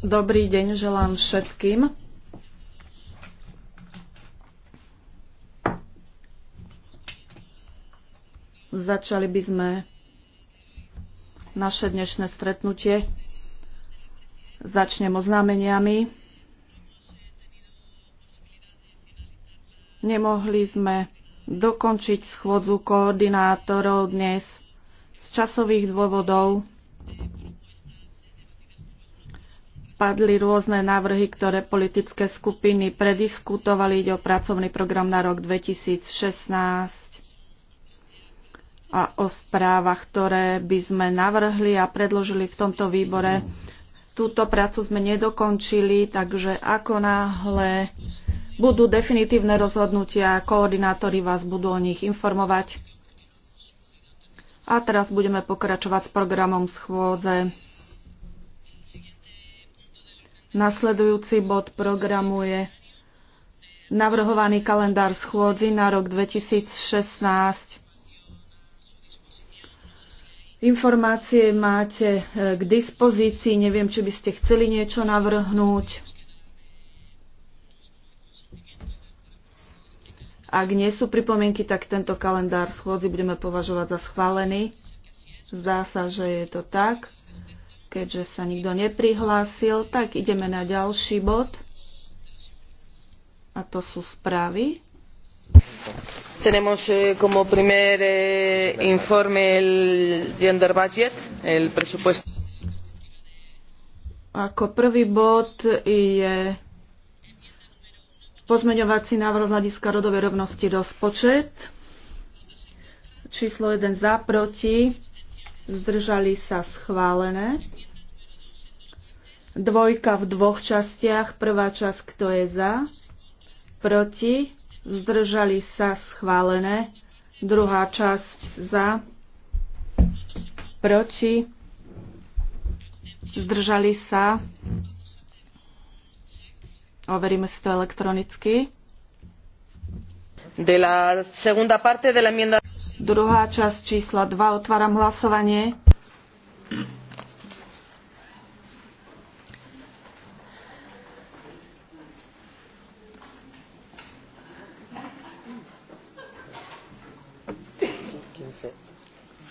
Dobrý deň želám všetkým. Začali by sme naše dnešné stretnutie. Začnem oznámeniami. Nemohli sme dokončiť schôdzu koordinátorov dnes z časových dôvodov padli rôzne návrhy, ktoré politické skupiny prediskutovali. Ide o pracovný program na rok 2016 a o správach, ktoré by sme navrhli a predložili v tomto výbore. Túto prácu sme nedokončili, takže ako náhle budú definitívne rozhodnutia, koordinátori vás budú o nich informovať. A teraz budeme pokračovať s programom schôdze. Nasledujúci bod programu je navrhovaný kalendár schôdzi na rok 2016. Informácie máte e, k dispozícii. Neviem, či by ste chceli niečo navrhnúť. Ak nie sú pripomienky, tak tento kalendár schôdzi budeme považovať za schválený. Zdá sa, že je to tak. Keďže sa nikto neprihlásil, tak ideme na ďalší bod. A to sú správy. Tenemos eh, como primer eh, informe el gender budget, el presupuesto. Ako prvý bod je Pozmeňovací návrh hľadiska rodovej rovnosti rozpočet. Číslo 1 za, proti zdržali sa schválené. Dvojka v dvoch častiach, prvá časť kto je za, proti, zdržali sa schválené, druhá časť za, proti, zdržali sa, overíme si to elektronicky. De la segunda parte de la enmienda Druhá časť čísla 2. Otváram hlasovanie.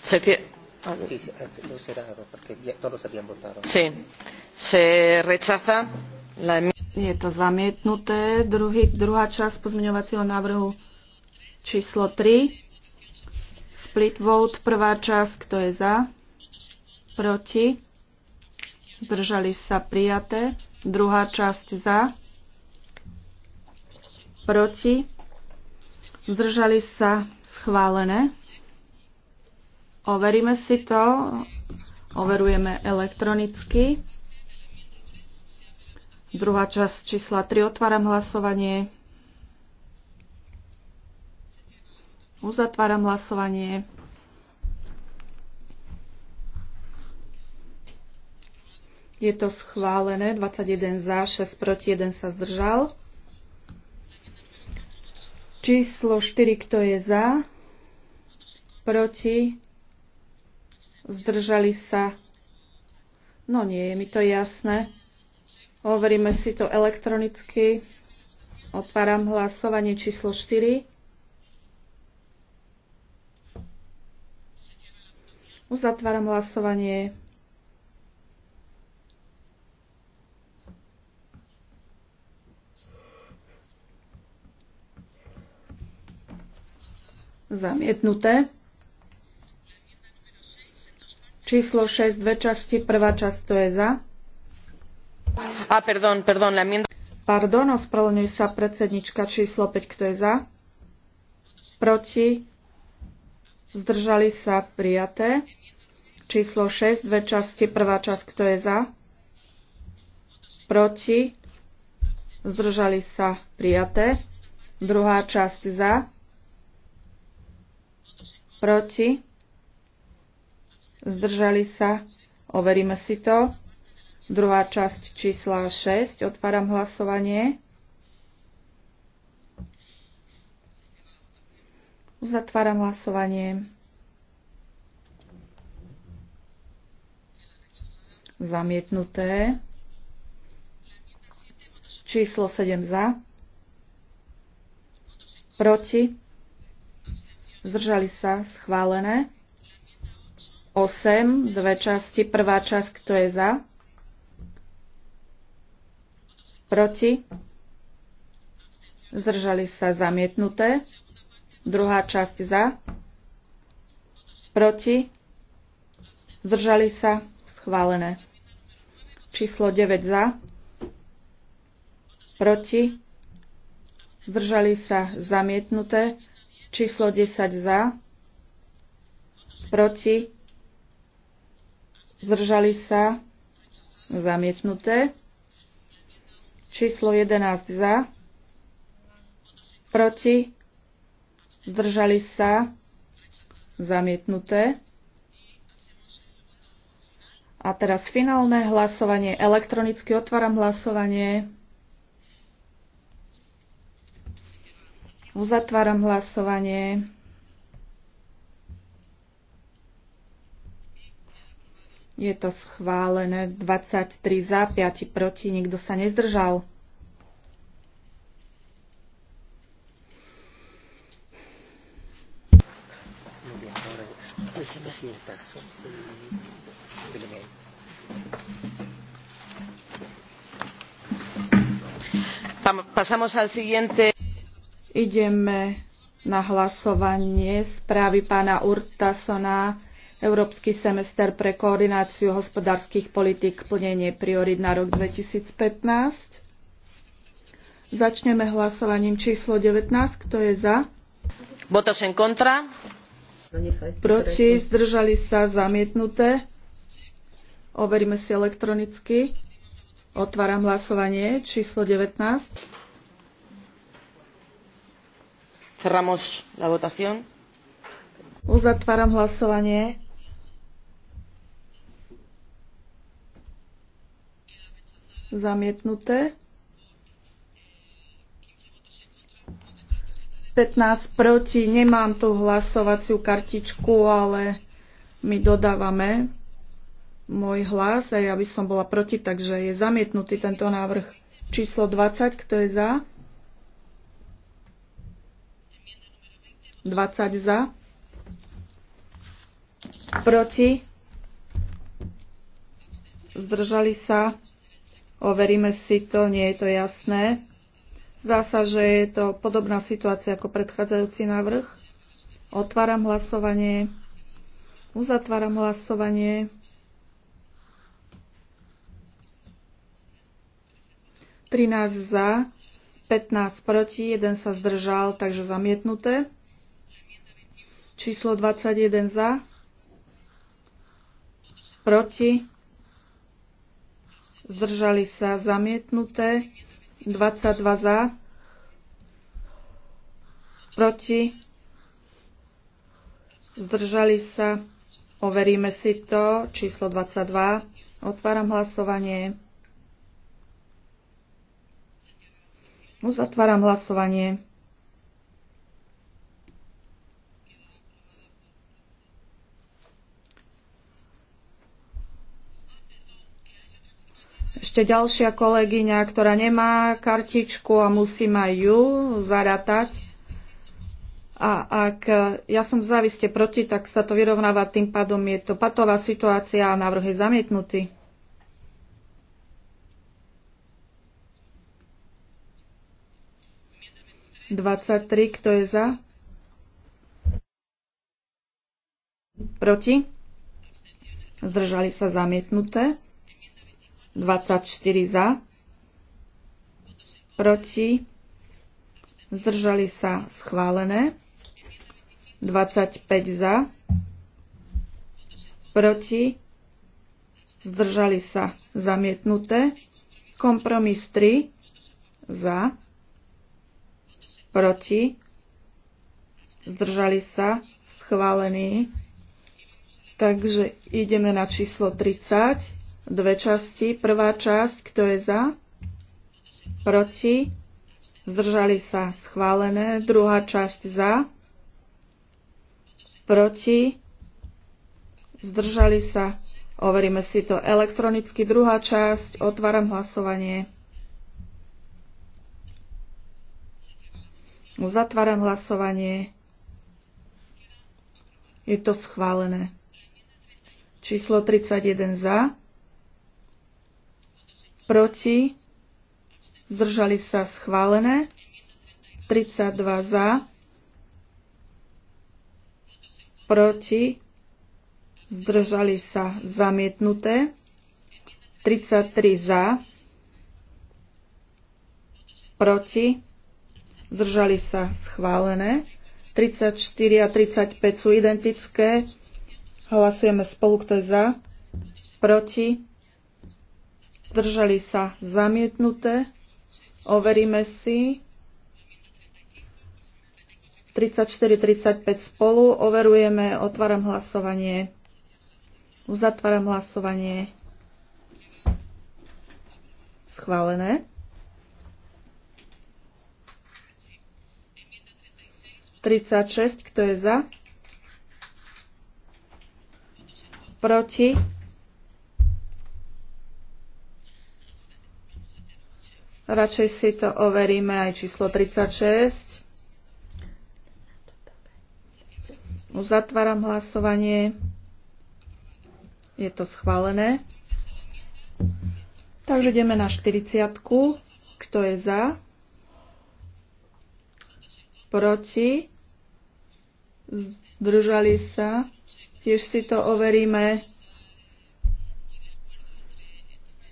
Se tie... Sí, lo no Se rechaza la je to zamietnuté. Druhý, druhá časť pozmeňovacieho návrhu číslo 3. Split vote, prvá časť, kto je za, proti, zdržali sa prijaté, druhá časť za, proti, zdržali sa schválené. Overíme si to, overujeme elektronicky. Druhá časť čísla 3, otváram hlasovanie. Uzatváram hlasovanie. Je to schválené. 21 za, 6 proti, 1 sa zdržal. Číslo 4, kto je za? Proti? Zdržali sa? No nie, je mi to jasné. Overíme si to elektronicky. Otváram hlasovanie číslo 4. Uzatváram hlasovanie. Zamietnuté. Číslo 6, dve časti, prvá časť to je za. A, ah, perdón, perdón, la mienda... Pardon, ospravedlňuje sa predsednička číslo 5, kto je za? Proti? zdržali sa prijaté. Číslo 6, dve časti, prvá časť, kto je za, proti, zdržali sa prijaté. Druhá časť za, proti, zdržali sa, overíme si to. Druhá časť čísla 6, otváram hlasovanie. Uzatváram hlasovanie. Zamietnuté. Číslo 7 za. Proti. Zdržali sa. Schválené. 8. Dve časti. Prvá časť, kto je za? Proti. Zdržali sa. Zamietnuté Druhá časť za. Proti. Zdržali sa. Schválené. Číslo 9 za. Proti. Zdržali sa. Zamietnuté. Číslo 10 za. Proti. Zdržali sa. Zamietnuté. Číslo 11 za. Proti zdržali sa, zamietnuté. A teraz finálne hlasovanie. Elektronicky otváram hlasovanie. Uzatváram hlasovanie. Je to schválené 23 za, 5 proti, nikto sa nezdržal. Ideme na hlasovanie správy pána Urtasona Európsky semester pre koordináciu hospodárskych politik plnenie priorit na rok 2015. Začneme hlasovaním číslo 19. Kto je za? Votos en contra. No, Proti? Zdržali sa? Zamietnuté? Overíme si elektronicky. Otváram hlasovanie. Číslo 19. Cerramos la votación. Uzatváram hlasovanie. Zamietnuté. 15 proti, nemám tú hlasovaciu kartičku, ale my dodávame môj hlas a ja by som bola proti, takže je zamietnutý tento návrh. Číslo 20, kto je za? 20 za. Proti? Zdržali sa? Overíme si to, nie je to jasné. Zdá sa, že je to podobná situácia ako predchádzajúci návrh. Otváram hlasovanie. Uzatváram hlasovanie. 13 za, 15 proti, 1 sa zdržal, takže zamietnuté. Číslo 21 za, proti, zdržali sa zamietnuté. 22 za, proti, zdržali sa, overíme si to, číslo 22, otváram hlasovanie, uzatváram hlasovanie. ešte ďalšia kolegyňa, ktorá nemá kartičku a musí ma ju zaratať. A ak e, ja som v záviste proti, tak sa to vyrovnáva, tým pádom je to patová situácia a návrh je zamietnutý. Dvadsaťtri, kto je za? Proti? Zdržali sa zamietnuté. 24 za, proti, zdržali sa schválené, 25 za, proti, zdržali sa zamietnuté, kompromis 3 za, proti, zdržali sa schválený. Takže ideme na číslo 30 dve časti. Prvá časť, kto je za, proti, zdržali sa schválené. Druhá časť za, proti, zdržali sa. Overíme si to elektronicky. Druhá časť, otváram hlasovanie. Uzatváram hlasovanie. Je to schválené. Číslo 31 za proti, zdržali sa schválené, 32 za, proti, zdržali sa zamietnuté, 33 za, proti, zdržali sa schválené, 34 a 35 sú identické, hlasujeme spolu, kto je za, proti, zdržali sa zamietnuté. Overíme si. 34-35 spolu. Overujeme. Otváram hlasovanie. Uzatváram hlasovanie. Schválené. 36, kto je za? Proti? Radšej si to overíme aj číslo 36. Uzatváram hlasovanie. Je to schválené. Takže ideme na 40. Kto je za? Proti? Zdržali sa? Tiež si to overíme.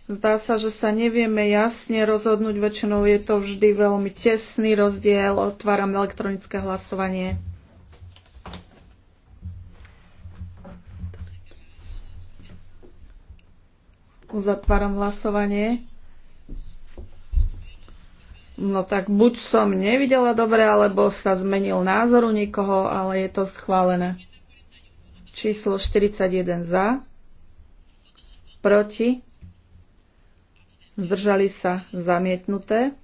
Zdá sa, že sa nevieme jasne rozhodnúť, väčšinou je to vždy veľmi tesný rozdiel. Otváram elektronické hlasovanie. Uzatváram hlasovanie. No tak buď som nevidela dobre, alebo sa zmenil názoru nikoho, ale je to schválené. Číslo 41 za, proti zdržali sa zamietnuté.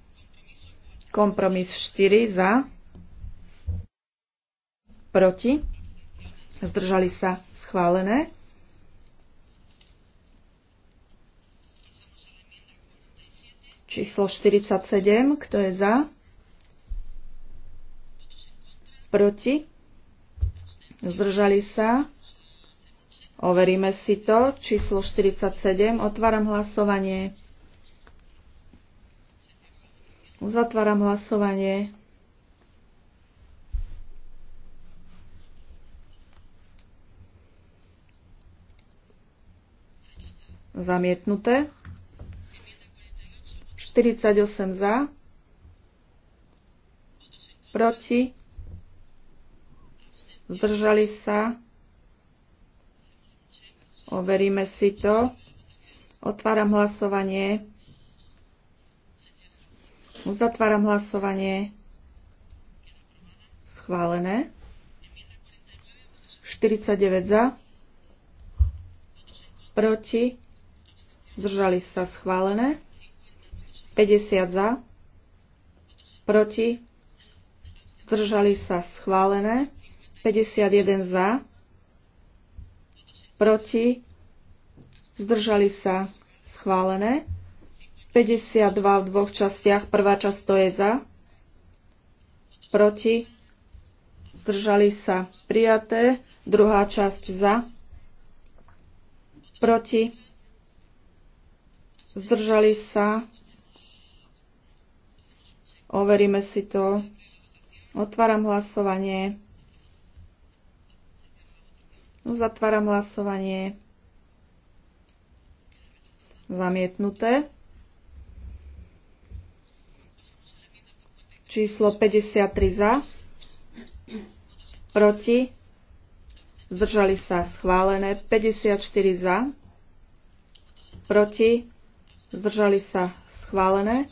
Kompromis 4 za, proti, zdržali sa schválené. Číslo 47, kto je za? Proti? Zdržali sa? Overíme si to. Číslo 47, otváram hlasovanie. Uzatváram hlasovanie. Zamietnuté. 48 za. Proti. Zdržali sa. Overíme si to. Otváram hlasovanie. Uzatváram hlasovanie. Schválené. 49 za. Proti. Zdržali sa schválené. 50 za. Proti. Zdržali sa schválené. 51 za. Proti. Zdržali sa schválené. 52 v dvoch častiach. Prvá časť to je za, proti, zdržali sa prijaté. Druhá časť za, proti, zdržali sa. Overíme si to. Otváram hlasovanie. Zatváram hlasovanie. Zamietnuté. Číslo 53 za. Proti. Zdržali sa schválené. 54 za. Proti. Zdržali sa schválené.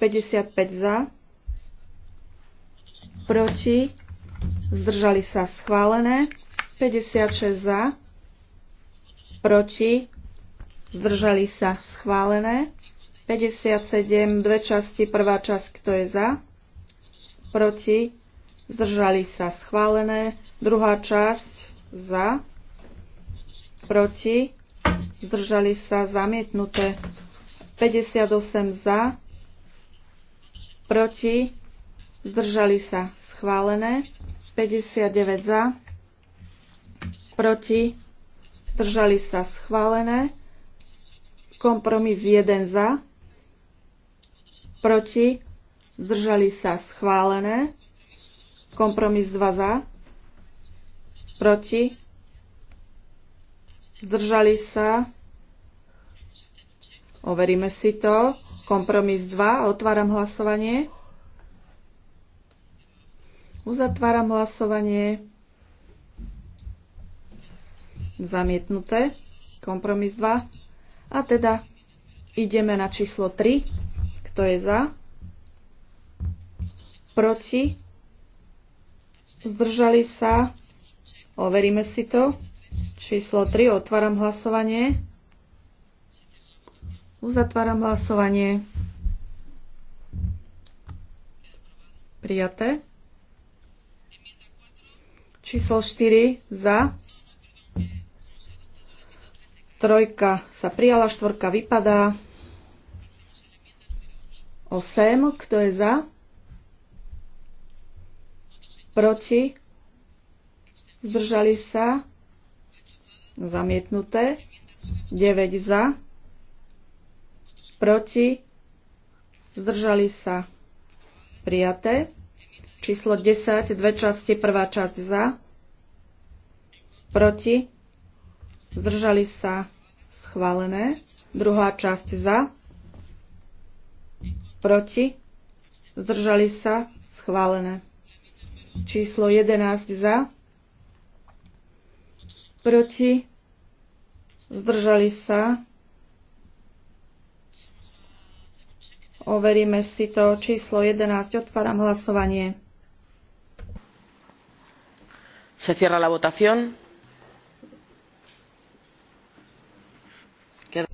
55 za. Proti. Zdržali sa schválené. 56 za. Proti. Zdržali sa schválené. 57, dve časti, prvá časť, kto je za? proti, zdržali sa schválené. Druhá časť za, proti, zdržali sa zamietnuté. 58 za, proti, zdržali sa schválené. 59 za, proti, zdržali sa schválené. Kompromis 1 za, proti, zdržali sa schválené, kompromis 2 za, proti, zdržali sa, overíme si to, kompromis 2, otváram hlasovanie, uzatváram hlasovanie, zamietnuté, kompromis 2, a teda ideme na číslo 3, kto je za, proti, zdržali sa, overíme si to. Číslo 3, otváram hlasovanie. Uzatváram hlasovanie. Prijaté. Číslo 4 za. Trojka sa prijala, štvorka vypadá. 8, kto je za? proti, zdržali sa, zamietnuté, 9 za, proti, zdržali sa, prijaté, číslo 10, dve časti, prvá časť za, proti, zdržali sa, schválené, druhá časť za, proti, zdržali sa, schválené číslo 11 za, proti, zdržali sa. Overíme si to číslo 11. Otváram hlasovanie. Se cierra la votación.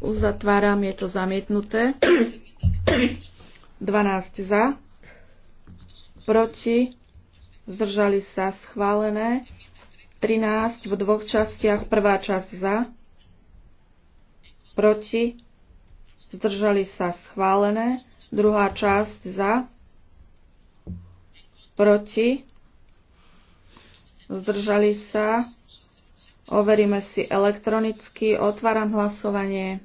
Uzatváram, je to zamietnuté. 12 za, proti, zdržali sa schválené. 13 v dvoch častiach, prvá časť za, proti, zdržali sa schválené, druhá časť za, proti, zdržali sa, overíme si elektronicky, otváram hlasovanie.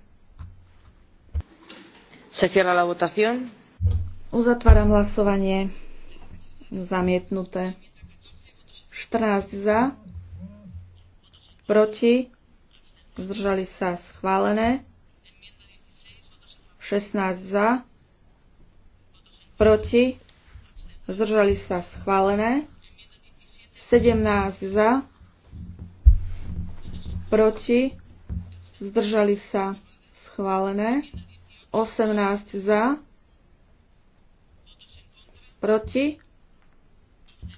Se la votación. Uzatváram hlasovanie zamietnuté. 14 za, proti, zdržali sa schválené. 16 za, proti, zdržali sa schválené. 17 za, proti, zdržali sa schválené. 18 za, proti,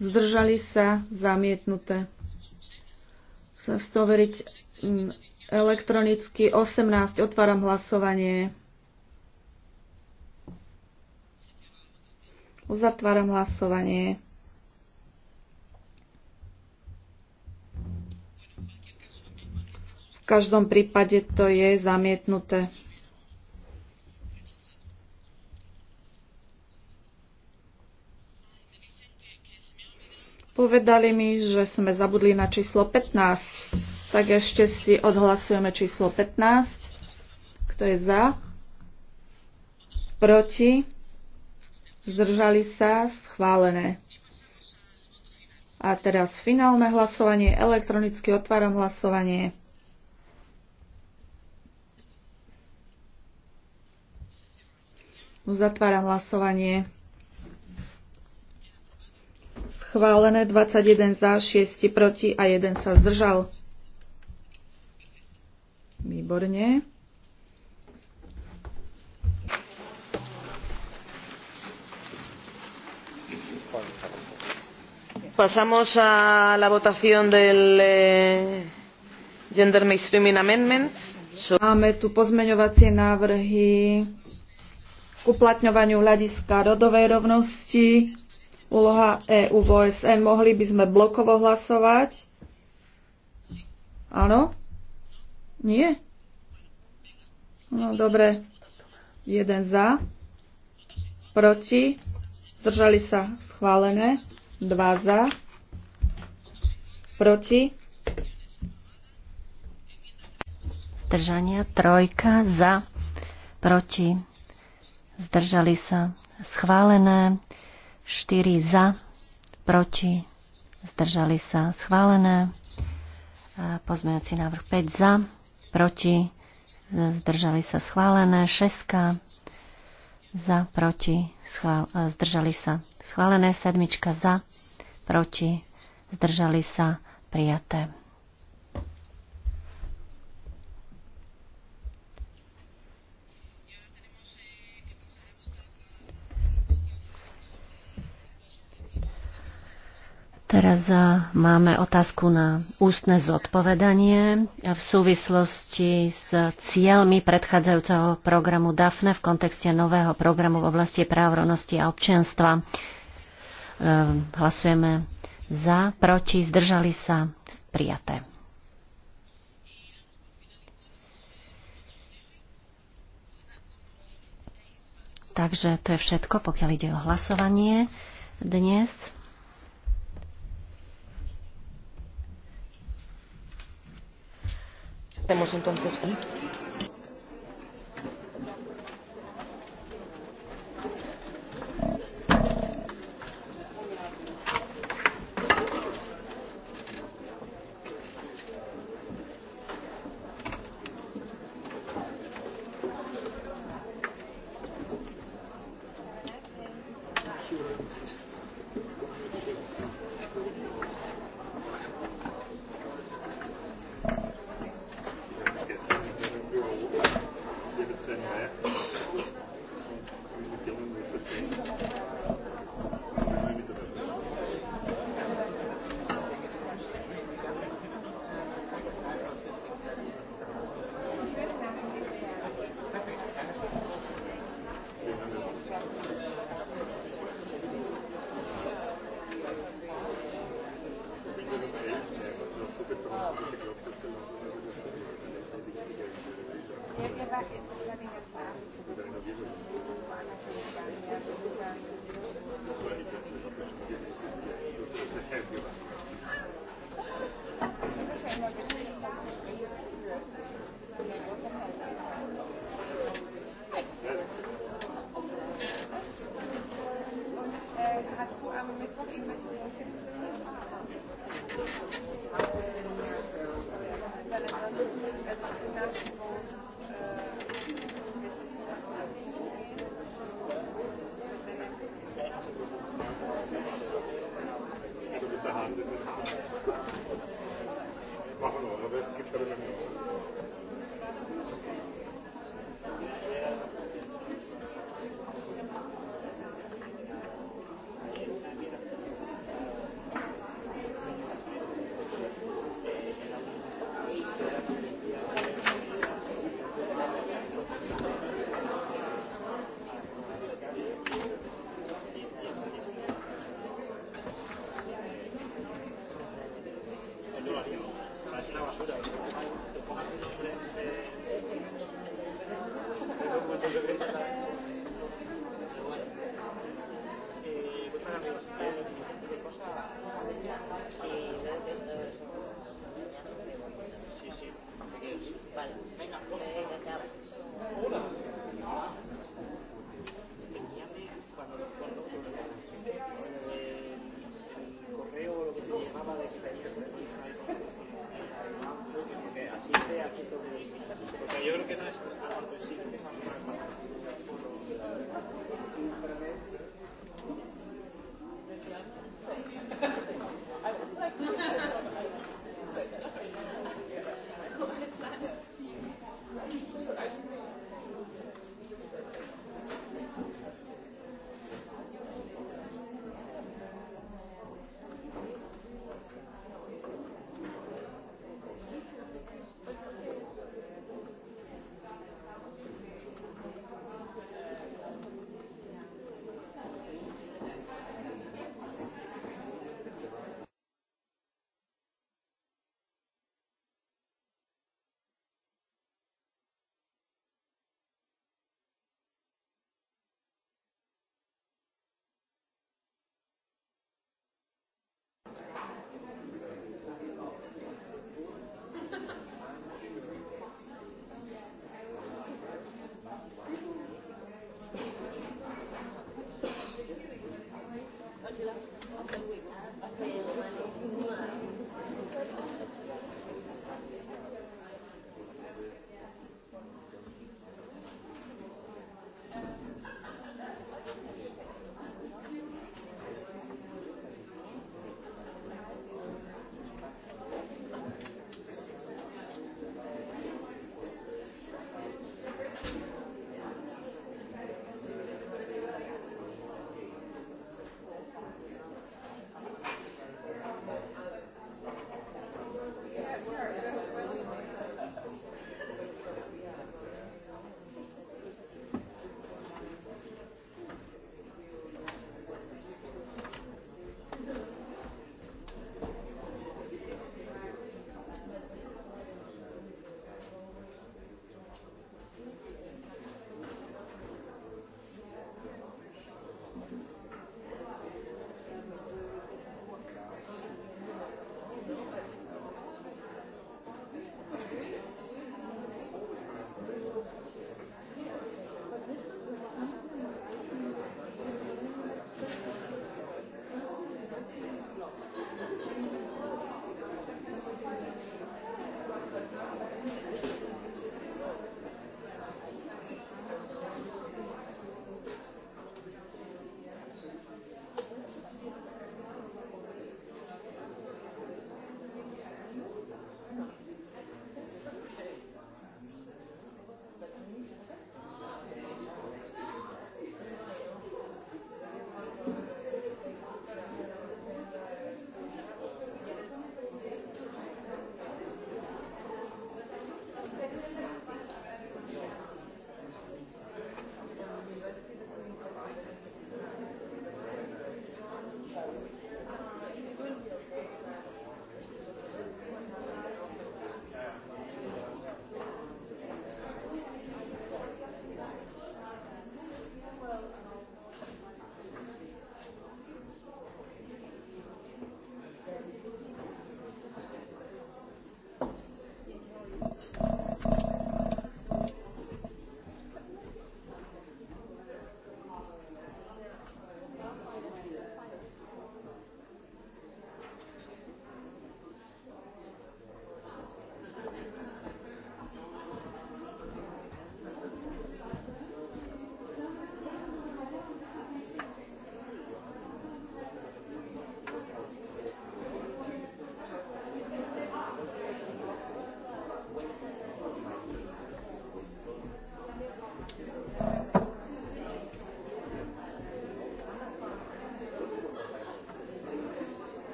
zdržali sa, zamietnuté. Chcem si to overiť mm, elektronicky. 18, otváram hlasovanie. Uzatváram hlasovanie. V každom prípade to je zamietnuté. Povedali mi, že sme zabudli na číslo 15. Tak ešte si odhlasujeme číslo 15. Kto je za? Proti? Zdržali sa? Schválené. A teraz finálne hlasovanie. Elektronicky otváram hlasovanie. Uzatváram hlasovanie. Schválené 21 za, 6 proti a 1 sa zdržal. Výborne. Pasamos a la votación del eh, Gender Mainstreaming Amendments. So... Máme tu pozmeňovacie návrhy k uplatňovaniu hľadiska rodovej rovnosti úloha EU v OSN. Mohli by sme blokovo hlasovať? Áno? Nie? No dobre. Jeden za. Proti. Zdržali sa schválené. Dva za. Proti. Zdržania. Trojka za. Proti. Zdržali sa schválené. 4 za, proti, zdržali sa schválené. Pozmeňujúci návrh 5 za, proti, zdržali sa schválené. 6 za, proti, schvál, e, zdržali sa schválené. 7 za, proti, zdržali sa prijaté. Teraz e, máme otázku na ústne zodpovedanie v súvislosti s cieľmi predchádzajúceho programu DAFNE v kontexte nového programu v oblasti práv rovnosti a občianstva. E, hlasujeme za, proti, zdržali sa, prijaté. Takže to je všetko, pokiaľ ide o hlasovanie dnes. Hacemos entonces. ¿eh?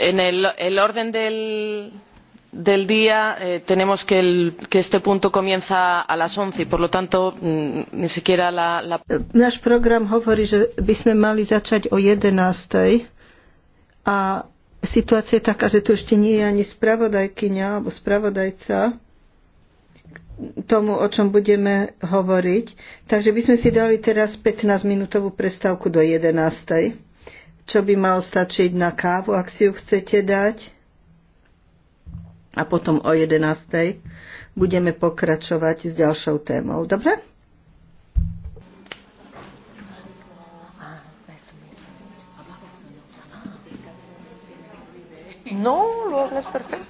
en el, orden del, día eh, tenemos que, este punto comienza a las once y por lo tanto mm, ni siquiera la, la... Náš program hovorí, že by sme mali začať o jedenástej a situácia je taká, že tu ešte nie je ani spravodajkyňa alebo spravodajca tomu, o čom budeme hovoriť. Takže by sme si dali teraz 15-minútovú prestávku do jedenástej čo by mal stačiť na kávu, ak si ju chcete dať. A potom o 11.00 budeme pokračovať s ďalšou témou. Dobre? No, lo hablas perfecto.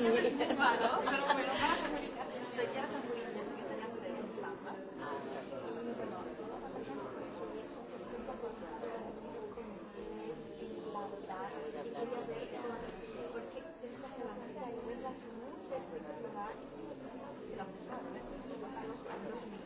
sí. muy malo, pero bueno, Gracias.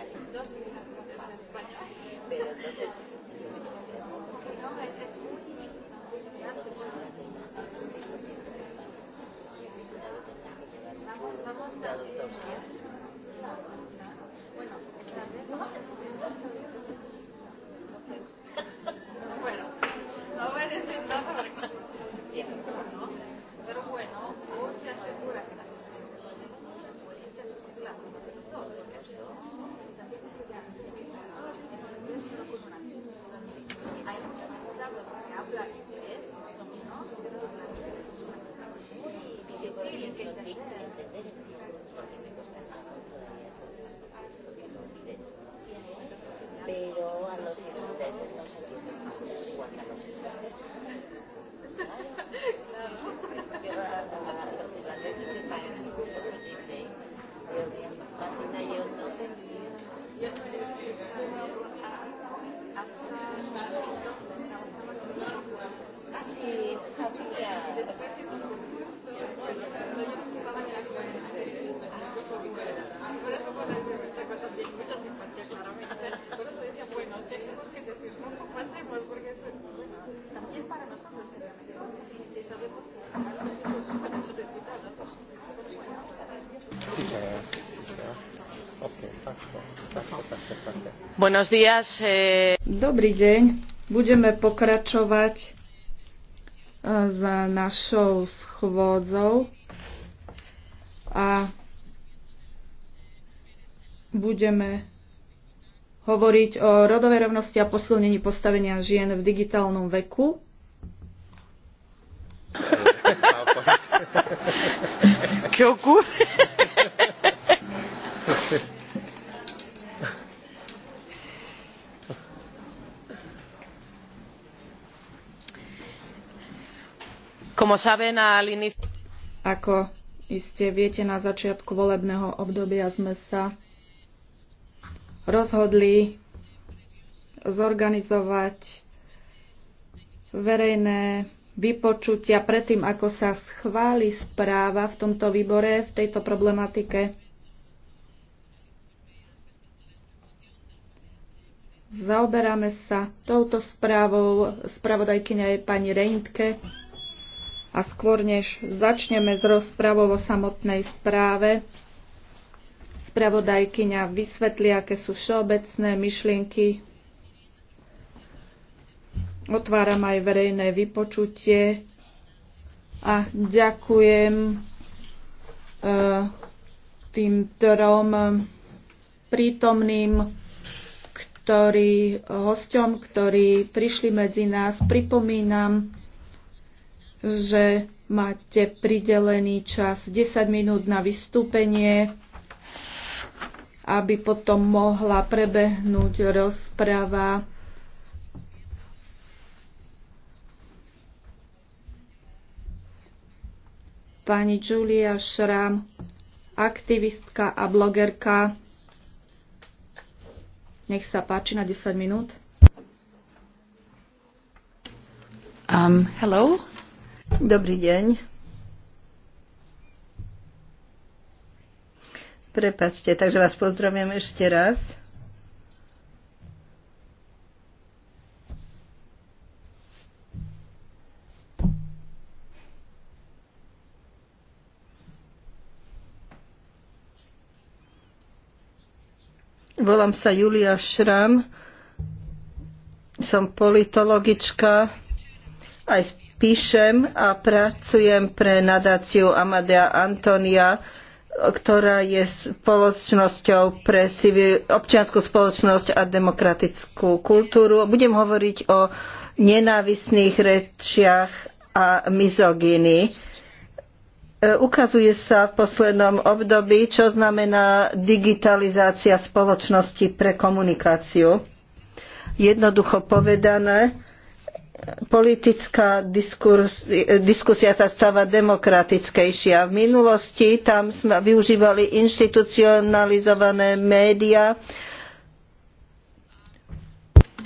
vale, Vamos, vamos, Bueno, esta vez vamos a Eh. Dobrý deň. Budeme pokračovať s eh, našou schôdzou a budeme hovoriť o rodovej rovnosti a posilnení postavenia žien v digitálnom veku. Čo Ako iste viete, na začiatku volebného obdobia sme sa rozhodli zorganizovať verejné vypočutia predtým, ako sa schváli správa v tomto výbore v tejto problematike. Zaoberáme sa touto správou. Spravodajkyňa je pani Reintke. A skôr než začneme s rozpravou o samotnej správe, spravodajkyňa vysvetlí, aké sú všeobecné myšlienky. Otváram aj verejné vypočutie a ďakujem e, tým trom prítomným ktorí, hosťom, ktorí prišli medzi nás. Pripomínam, že máte pridelený čas 10 minút na vystúpenie, aby potom mohla prebehnúť rozprava. Pani Julia Šram, aktivistka a blogerka. Nech sa páči na 10 minút. Um, hello, Dobrý deň. Prepačte, takže vás pozdravujem ešte raz. Volám sa Julia Šram, som politologička, aj píšem a pracujem pre nadáciu Amadea Antonia, ktorá je spoločnosťou pre civil, občianskú spoločnosť a demokratickú kultúru. Budem hovoriť o nenávisných rečiach a mizogíny. E, ukazuje sa v poslednom období, čo znamená digitalizácia spoločnosti pre komunikáciu. Jednoducho povedané, politická diskurs, diskusia sa stáva demokratickejšia. V minulosti tam sme využívali inštitucionalizované médiá,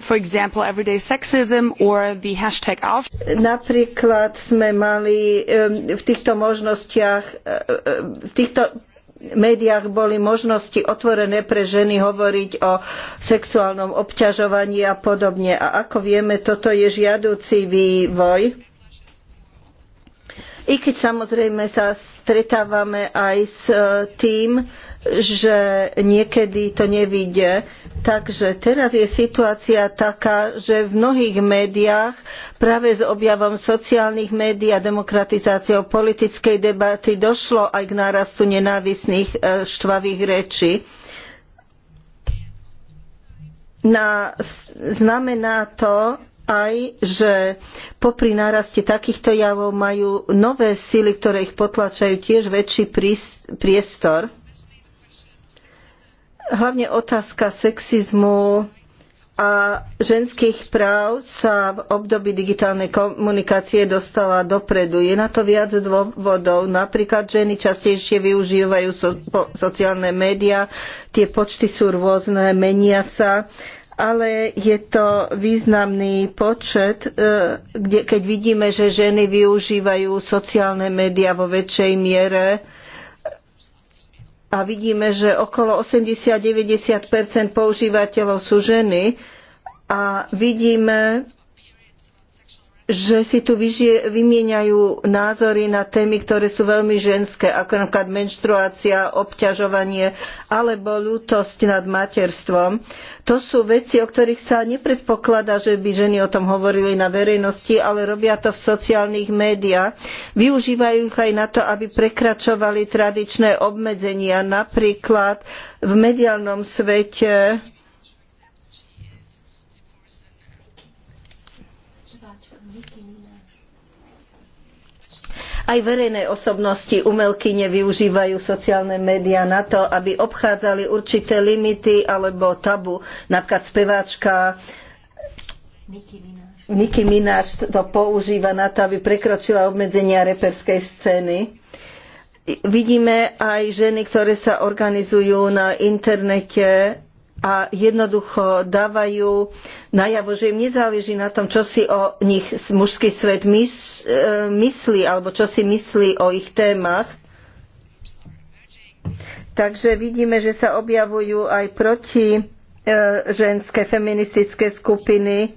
for example everyday sexism or the hashtag auf. Napríklad sme mali v týchto možnostiach, v týchto médiách boli možnosti otvorené pre ženy hovoriť o sexuálnom obťažovaní a podobne. A ako vieme, toto je žiaducí vývoj. I keď samozrejme sa stretávame aj s e, tým, že niekedy to nevíde. Takže teraz je situácia taká, že v mnohých médiách práve s objavom sociálnych médií a demokratizáciou politickej debaty došlo aj k nárastu nenávisných e, štvavých rečí. Na, znamená to, aj, že popri náraste takýchto javov majú nové síly, ktoré ich potlačajú tiež väčší priestor hlavne otázka sexizmu a ženských práv sa v období digitálnej komunikácie dostala dopredu. Je na to viac dôvodov. Napríklad ženy častejšie využívajú so, sociálne médiá, tie počty sú rôzne, menia sa, ale je to významný počet, e, kde, keď vidíme, že ženy využívajú sociálne médiá vo väčšej miere a vidíme, že okolo 80-90 používateľov sú ženy a vidíme že si tu vymieňajú názory na témy, ktoré sú veľmi ženské, ako napríklad menštruácia, obťažovanie alebo ľútosť nad materstvom. To sú veci, o ktorých sa nepredpokladá, že by ženy o tom hovorili na verejnosti, ale robia to v sociálnych médiách. Využívajú ich aj na to, aby prekračovali tradičné obmedzenia. Napríklad v mediálnom svete Aj verejné osobnosti umelky nevyužívajú sociálne médiá na to, aby obchádzali určité limity alebo tabu. Napríklad speváčka Nicki Mináš to používa na to, aby prekročila obmedzenia reperskej scény. Vidíme aj ženy, ktoré sa organizujú na internete a jednoducho dávajú najavo, že im nezáleží na tom, čo si o nich mužský svet e, myslí alebo čo si myslí o ich témach. Takže vidíme, že sa objavujú aj proti e, ženské feministické skupiny,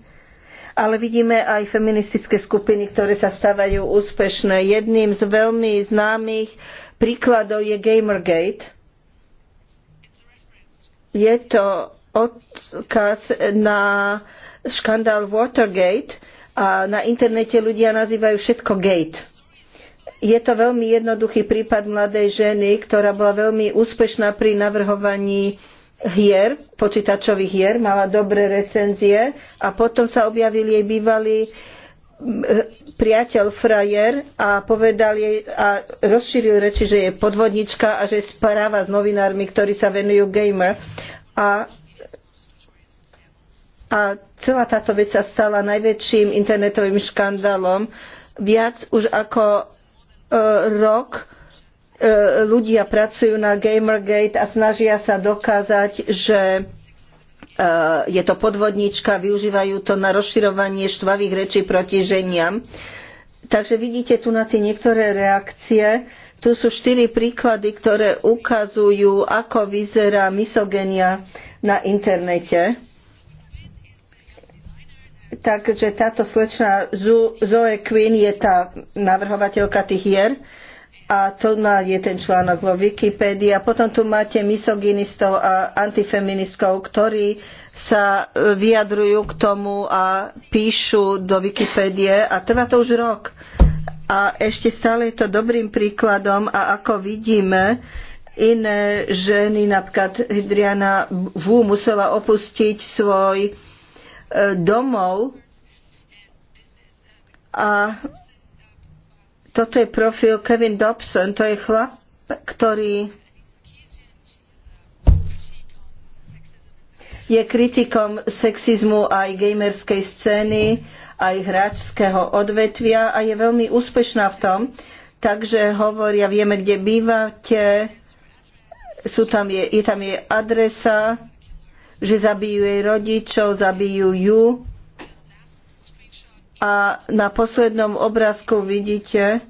ale vidíme aj feministické skupiny, ktoré sa stávajú úspešné. Jedným z veľmi známych príkladov je Gamergate, je to odkaz na škandál Watergate a na internete ľudia nazývajú všetko gate. Je to veľmi jednoduchý prípad mladej ženy, ktorá bola veľmi úspešná pri navrhovaní hier, počítačových hier, mala dobré recenzie a potom sa objavil jej bývalý priateľ frajer a povedal jej a rozšíril reči, že je podvodnička a že správa s novinármi, ktorí sa venujú gamer. A, a celá táto vec sa stala najväčším internetovým škandálom. Viac už ako e, rok e, ľudia pracujú na Gamergate a snažia sa dokázať, že Eh, je to podvodnička, využívajú to na rozširovanie štvavých rečí proti ženiam. Takže vidíte tu na tie niektoré reakcie. Tu sú štyri príklady, ktoré ukazujú, ako vyzerá misogenia na internete. Takže táto slečna Zoe Quinn je tá navrhovateľka tých hier a to je ten článok vo Wikipédii. A potom tu máte misogynistov a antifeministkov, ktorí sa e, vyjadrujú k tomu a píšu do Wikipédie a trvá to už rok. A ešte stále je to dobrým príkladom a ako vidíme, iné ženy, napríklad Hydriana V musela opustiť svoj e, domov a toto je profil Kevin Dobson, to je chlap, ktorý je kritikom sexizmu aj gamerskej scény, aj hráčského odvetvia a je veľmi úspešná v tom. Takže hovoria, vieme, kde bývate, sú tam je, je tam jej adresa, že zabijú jej rodičov, zabijú ju a na poslednom obrázku vidíte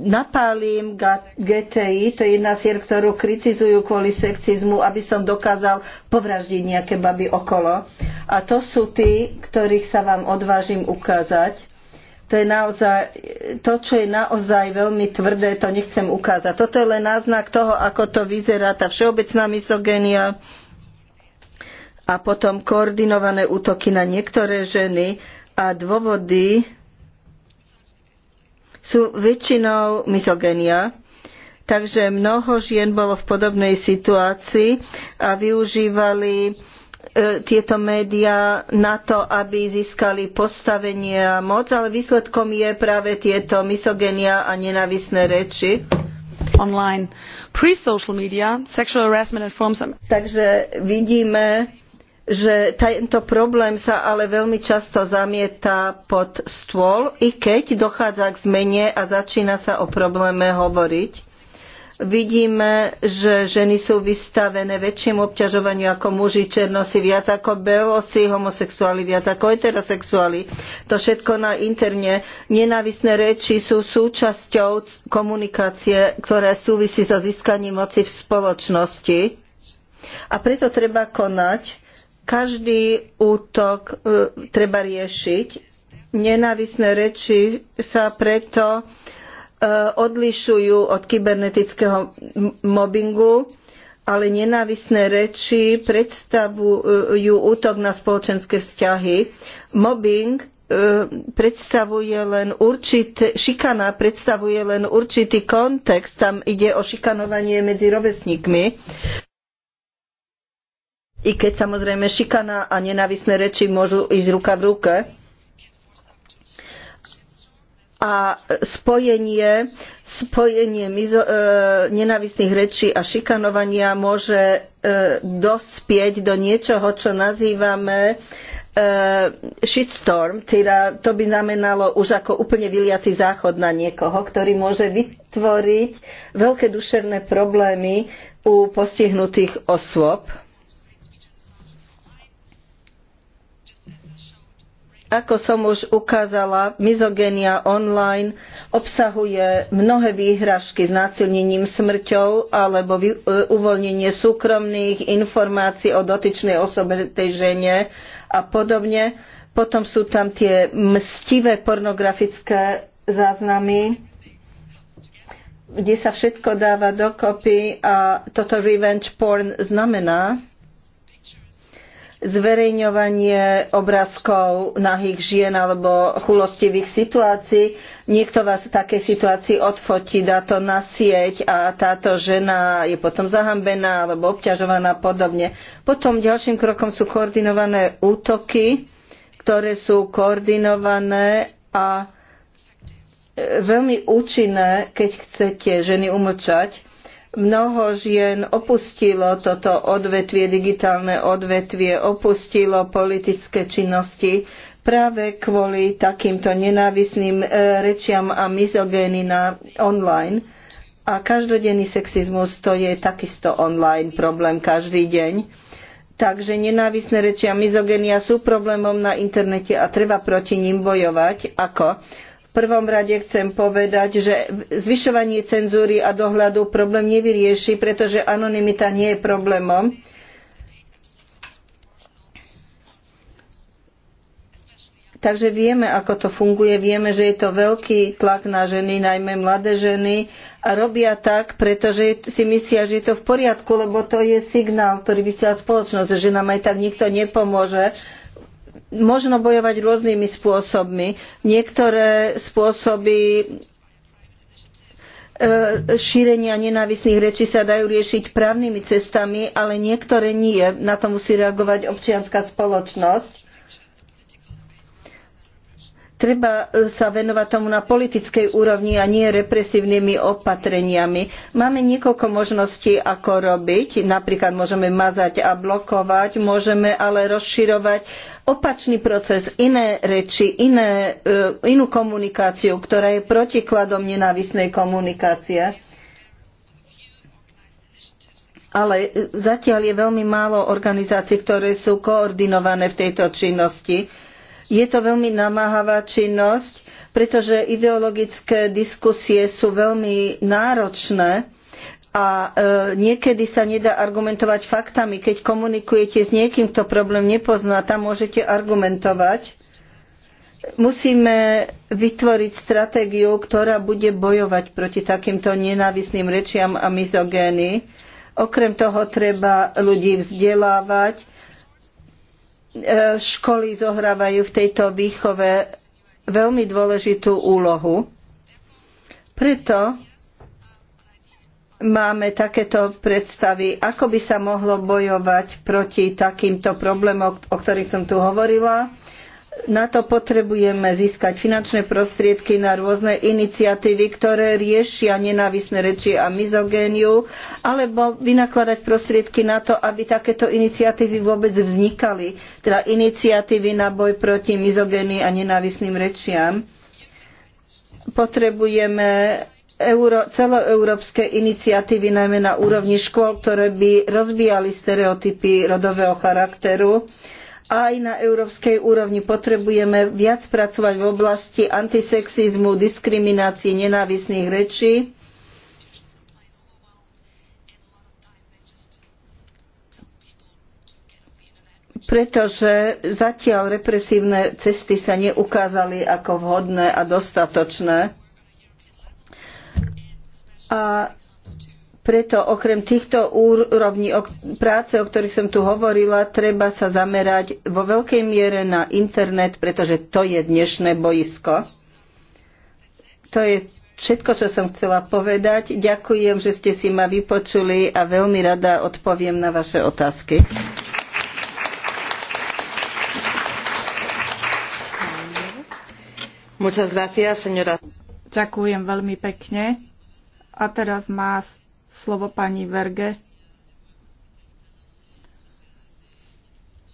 napálim GTI, to je jedna sier, ktorú kritizujú kvôli sexizmu, aby som dokázal povraždiť nejaké baby okolo. A to sú tí, ktorých sa vám odvážim ukázať. To, je naozaj, to, čo je naozaj veľmi tvrdé, to nechcem ukázať. Toto je len náznak toho, ako to vyzerá, tá všeobecná misogénia a potom koordinované útoky na niektoré ženy, a dôvody sú väčšinou misogénia. Takže mnoho žien bolo v podobnej situácii a využívali e, tieto médiá na to, aby získali postavenie a moc, ale výsledkom je práve tieto misogénia a nenávisné reči. Online. Pre-social media, sexual harassment and forms... Takže vidíme, že tento problém sa ale veľmi často zamieta pod stôl, i keď dochádza k zmene a začína sa o probléme hovoriť. Vidíme, že ženy sú vystavené väčšiemu obťažovaniu ako muži, černosi viac ako belosi, homosexuáli viac ako heterosexuáli. To všetko na interne. Nenávisné reči sú súčasťou komunikácie, ktorá súvisí so získaním moci v spoločnosti. A preto treba konať každý útok e, treba riešiť. Nenávisné reči sa preto e, odlišujú od kybernetického mobbingu, ale nenávisné reči predstavujú útok na spoločenské vzťahy. Mobbing e, predstavuje len určité, šikana predstavuje len určitý kontext, tam ide o šikanovanie medzi rovesníkmi i keď samozrejme šikana a nenávisné reči môžu ísť ruka v ruke. A spojenie, spojenie mizo, e, nenávistných rečí a šikanovania môže e, dospieť do niečoho, čo nazývame e, shitstorm, teda to by znamenalo už ako úplne vyliatý záchod na niekoho, ktorý môže vytvoriť veľké duševné problémy u postihnutých osôb Ako som už ukázala, mizogénia online obsahuje mnohé výhražky s násilnením smrťou alebo e, uvoľnenie súkromných informácií o dotyčnej osobe tej žene a podobne. Potom sú tam tie mstivé pornografické záznamy, kde sa všetko dáva dokopy a toto revenge porn znamená, zverejňovanie obrázkov nahých žien alebo chulostivých situácií. Niekto vás v takej situácii odfotí, dá to na sieť a táto žena je potom zahambená alebo obťažovaná podobne. Potom ďalším krokom sú koordinované útoky, ktoré sú koordinované a e, veľmi účinné, keď chcete ženy umlčať Mnoho žien opustilo toto odvetvie, digitálne odvetvie, opustilo politické činnosti práve kvôli takýmto nenávisným e, rečiam a mizogény na online. A každodenný sexizmus to je takisto online problém každý deň. Takže nenávisné reči a mizogénia sú problémom na internete a treba proti ním bojovať. Ako? prvom rade chcem povedať, že zvyšovanie cenzúry a dohľadu problém nevyrieši, pretože anonymita nie je problémom. Takže vieme, ako to funguje, vieme, že je to veľký tlak na ženy, najmä mladé ženy a robia tak, pretože si myslia, že je to v poriadku, lebo to je signál, ktorý vysiela spoločnosť, že nám aj tak nikto nepomôže možno bojovať rôznymi spôsobmi. Niektoré spôsoby e, šírenia nenávisných rečí sa dajú riešiť právnymi cestami, ale niektoré nie. Na to musí reagovať občianská spoločnosť. Treba e, sa venovať tomu na politickej úrovni a nie represívnymi opatreniami. Máme niekoľko možností, ako robiť. Napríklad môžeme mazať a blokovať, môžeme ale rozširovať opačný proces, iné reči, iné, e, inú komunikáciu, ktorá je protikladom nenávisnej komunikácie. Ale zatiaľ je veľmi málo organizácií, ktoré sú koordinované v tejto činnosti. Je to veľmi namáhavá činnosť, pretože ideologické diskusie sú veľmi náročné a e, niekedy sa nedá argumentovať faktami. Keď komunikujete s niekým, kto problém nepozná, tam môžete argumentovať. Musíme vytvoriť stratégiu, ktorá bude bojovať proti takýmto nenávisným rečiam a mizogény. Okrem toho treba ľudí vzdelávať. E, školy zohrávajú v tejto výchove veľmi dôležitú úlohu. Preto máme takéto predstavy, ako by sa mohlo bojovať proti takýmto problémom, o ktorých som tu hovorila. Na to potrebujeme získať finančné prostriedky na rôzne iniciatívy, ktoré riešia nenávisné reči a mizogéniu, alebo vynakladať prostriedky na to, aby takéto iniciatívy vôbec vznikali, teda iniciatívy na boj proti mizogénii a nenávisným rečiam potrebujeme euro, celoeurópske iniciatívy, najmä na úrovni škôl, ktoré by rozvíjali stereotypy rodového charakteru. Aj na európskej úrovni potrebujeme viac pracovať v oblasti antisexizmu, diskriminácie, nenávisných rečí. pretože zatiaľ represívne cesty sa neukázali ako vhodné a dostatočné. A preto okrem týchto úrovní práce, o ktorých som tu hovorila, treba sa zamerať vo veľkej miere na internet, pretože to je dnešné boisko. To je všetko, čo som chcela povedať. Ďakujem, že ste si ma vypočuli a veľmi rada odpoviem na vaše otázky. Ďakujem veľmi pekne. A teraz má slovo pani Verge.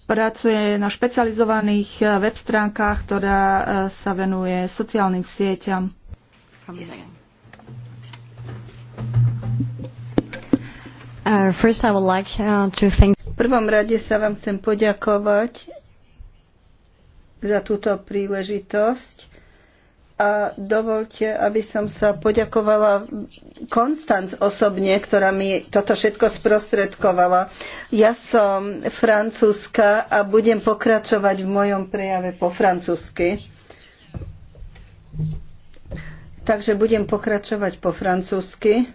Pracuje na špecializovaných eh, web stránkach, ktorá eh, sa venuje sociálnym sieťam. Yes. Uh, like uh, V prvom rade sa vám chcem poďakovať za túto príležitosť a dovolte, aby som sa poďakovala Konstanc osobne, ktorá mi toto všetko sprostredkovala. Ja som francúzska a budem pokračovať v mojom prejave po francúzsky. Takže budem pokračovať po francúzsky.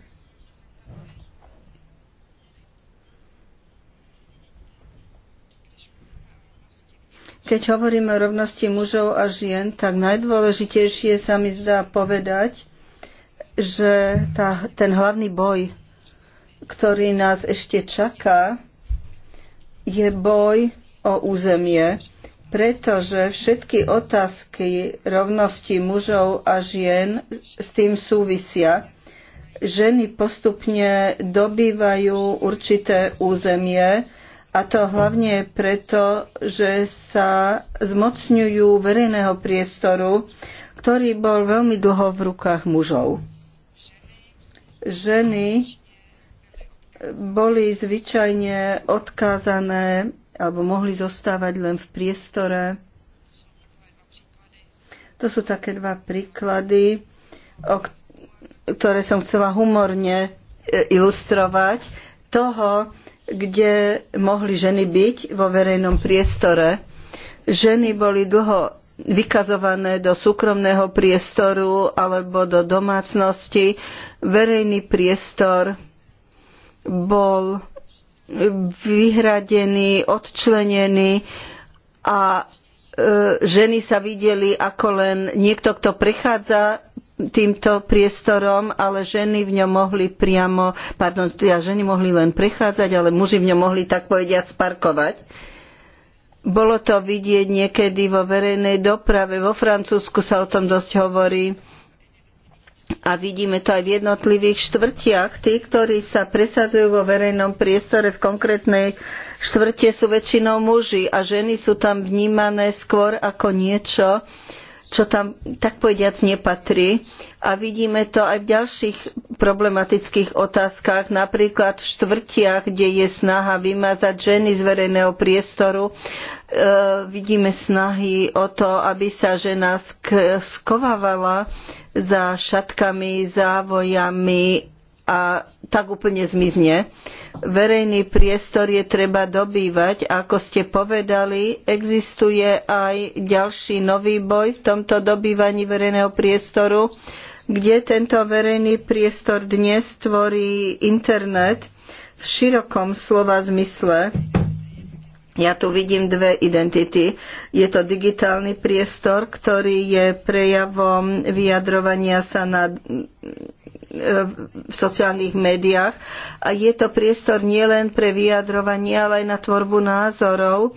Keď hovoríme o rovnosti mužov a žien, tak najdôležitejšie sa mi zdá povedať, že tá, ten hlavný boj, ktorý nás ešte čaká, je boj o územie, pretože všetky otázky rovnosti mužov a žien s tým súvisia. Ženy postupne dobývajú určité územie, a to hlavne preto, že sa zmocňujú verejného priestoru, ktorý bol veľmi dlho v rukách mužov. Ženy boli zvyčajne odkázané alebo mohli zostávať len v priestore. To sú také dva príklady, o ktoré som chcela humorne e, ilustrovať toho, kde mohli ženy byť vo verejnom priestore. Ženy boli dlho vykazované do súkromného priestoru alebo do domácnosti. Verejný priestor bol vyhradený, odčlenený a e, ženy sa videli ako len niekto, kto prechádza týmto priestorom, ale ženy v ňom mohli priamo, pardon, teda ženy mohli len prechádzať, ale muži v ňom mohli tak povediať sparkovať. Bolo to vidieť niekedy vo verejnej doprave, vo Francúzsku sa o tom dosť hovorí a vidíme to aj v jednotlivých štvrtiach. Tí, ktorí sa presadzujú vo verejnom priestore v konkrétnej štvrte sú väčšinou muži a ženy sú tam vnímané skôr ako niečo, čo tam tak povediac nepatrí. A vidíme to aj v ďalších problematických otázkach, napríklad v štvrtiach, kde je snaha vymazať ženy z verejného priestoru. E, vidíme snahy o to, aby sa žena sk- skovávala za šatkami, závojami, a tak úplne zmizne. Verejný priestor je treba dobývať. A ako ste povedali, existuje aj ďalší nový boj v tomto dobývaní verejného priestoru, kde tento verejný priestor dnes tvorí internet v širokom slova zmysle. Ja tu vidím dve identity. Je to digitálny priestor, ktorý je prejavom vyjadrovania sa na v sociálnych médiách. A je to priestor nielen pre vyjadrovanie, ale aj na tvorbu názorov,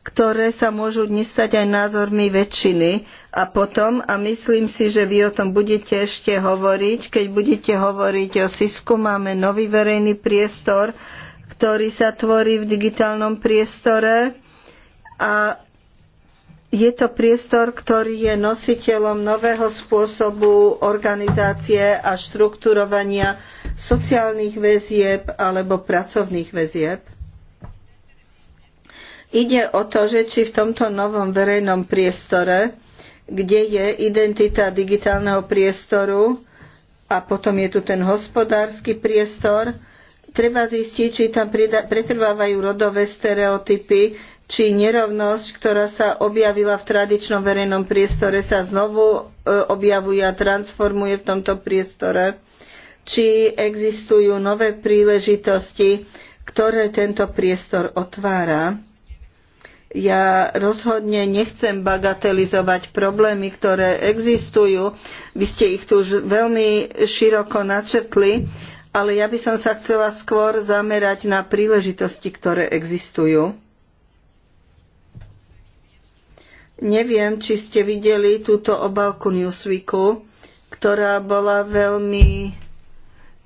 ktoré sa môžu dnes stať aj názormi väčšiny. A potom, a myslím si, že vy o tom budete ešte hovoriť, keď budete hovoriť o SISku, máme nový verejný priestor, ktorý sa tvorí v digitálnom priestore a je to priestor, ktorý je nositeľom nového spôsobu organizácie a štrukturovania sociálnych väzieb alebo pracovných väzieb. Ide o to, že či v tomto novom verejnom priestore, kde je identita digitálneho priestoru a potom je tu ten hospodársky priestor, treba zistiť, či tam pretrvávajú rodové stereotypy, či nerovnosť, ktorá sa objavila v tradičnom verejnom priestore, sa znovu e, objavuje a transformuje v tomto priestore, či existujú nové príležitosti, ktoré tento priestor otvára. Ja rozhodne nechcem bagatelizovať problémy, ktoré existujú. Vy ste ich tu už veľmi široko načetli, ale ja by som sa chcela skôr zamerať na príležitosti, ktoré existujú Neviem, či ste videli túto obálku Newsweeku, ktorá bola veľmi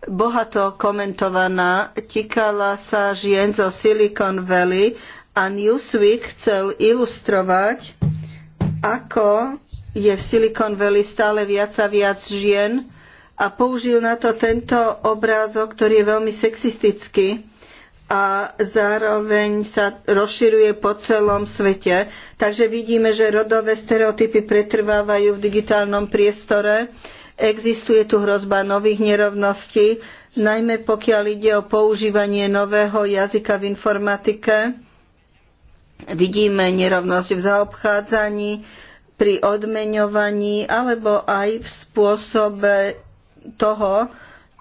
bohato komentovaná. Tikala sa žien zo Silicon Valley a Newsweek chcel ilustrovať, ako je v Silicon Valley stále viac a viac žien a použil na to tento obrázok, ktorý je veľmi sexistický a zároveň sa rozširuje po celom svete. Takže vidíme, že rodové stereotypy pretrvávajú v digitálnom priestore. Existuje tu hrozba nových nerovností, najmä pokiaľ ide o používanie nového jazyka v informatike. Vidíme nerovnosť v zaobchádzaní, pri odmeňovaní alebo aj v spôsobe toho,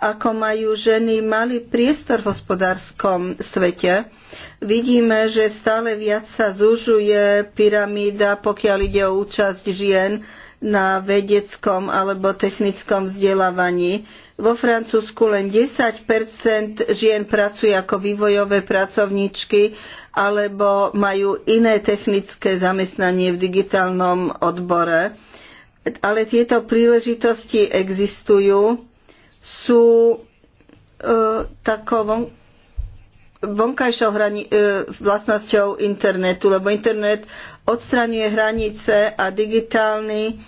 ako majú ženy malý priestor v hospodárskom svete. Vidíme, že stále viac sa zužuje pyramída, pokiaľ ide o účasť žien na vedeckom alebo technickom vzdelávaní. Vo Francúzsku len 10 žien pracuje ako vývojové pracovníčky alebo majú iné technické zamestnanie v digitálnom odbore. Ale tieto príležitosti existujú sú e, von, vonkajšou hrani- e, vlastnosťou internetu, lebo internet odstraňuje hranice a digitálny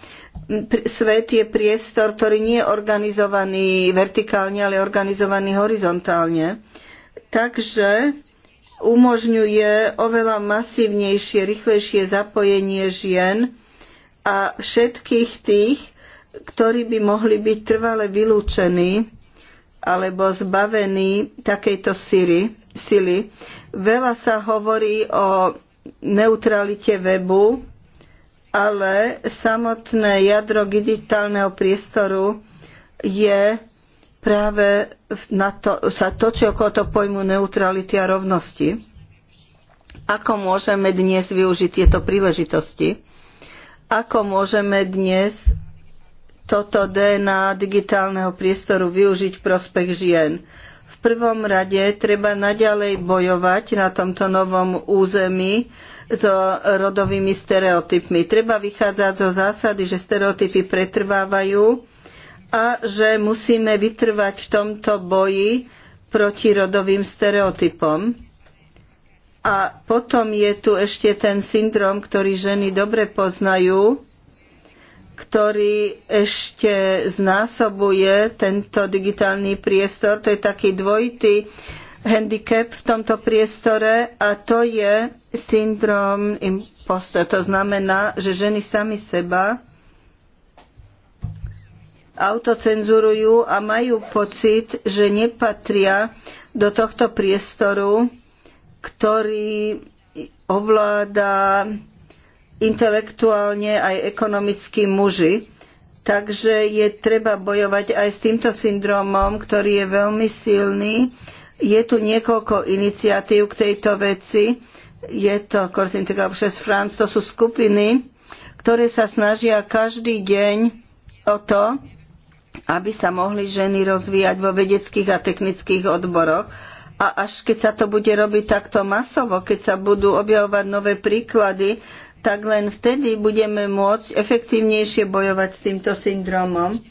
svet je priestor, ktorý nie je organizovaný vertikálne, ale organizovaný horizontálne. Takže umožňuje oveľa masívnejšie, rýchlejšie zapojenie žien a všetkých tých, ktorí by mohli byť trvale vylúčení alebo zbavení takejto síry, sily. Veľa sa hovorí o neutralite webu, ale samotné jadro digitálneho priestoru je práve na to, sa točí okolo toho pojmu neutrality a rovnosti. Ako môžeme dnes využiť tieto príležitosti? Ako môžeme dnes toto DNA digitálneho priestoru využiť v prospech žien. V prvom rade treba naďalej bojovať na tomto novom území s rodovými stereotypmi. Treba vychádzať zo zásady, že stereotypy pretrvávajú a že musíme vytrvať v tomto boji proti rodovým stereotypom. A potom je tu ešte ten syndrom, ktorý ženy dobre poznajú, ktorý ešte znásobuje tento digitálny priestor. To je taký dvojitý handicap v tomto priestore a to je syndrom imposter, To znamená, že ženy sami seba autocenzurujú a majú pocit, že nepatria do tohto priestoru, ktorý ovláda intelektuálne aj ekonomicky muži. Takže je treba bojovať aj s týmto syndromom, ktorý je veľmi silný. Je tu niekoľko iniciatív k tejto veci. Je to Korsintika 6 Franc, to sú skupiny, ktoré sa snažia každý deň o to, aby sa mohli ženy rozvíjať vo vedeckých a technických odboroch. A až keď sa to bude robiť takto masovo, keď sa budú objavovať nové príklady, tak len vtedy budeme môcť efektívnejšie bojovať s týmto syndromom,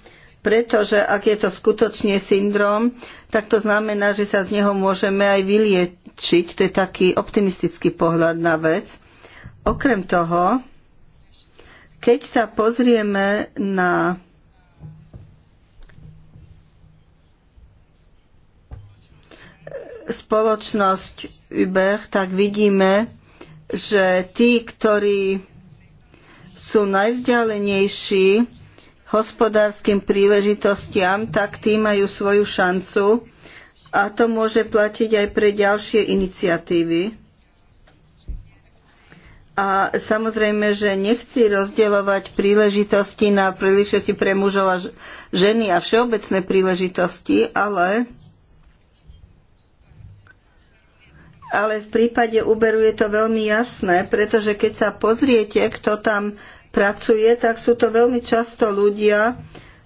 pretože ak je to skutočne syndrom, tak to znamená, že sa z neho môžeme aj vyliečiť. To je taký optimistický pohľad na vec. Okrem toho, keď sa pozrieme na spoločnosť Uber, tak vidíme, že tí, ktorí sú najvzdialenejší hospodárskym príležitostiam, tak tí majú svoju šancu a to môže platiť aj pre ďalšie iniciatívy. A samozrejme, že nechci rozdielovať príležitosti na príležitosti pre mužov a ženy a všeobecné príležitosti, ale ale v prípade Uberu je to veľmi jasné, pretože keď sa pozriete, kto tam pracuje, tak sú to veľmi často ľudia,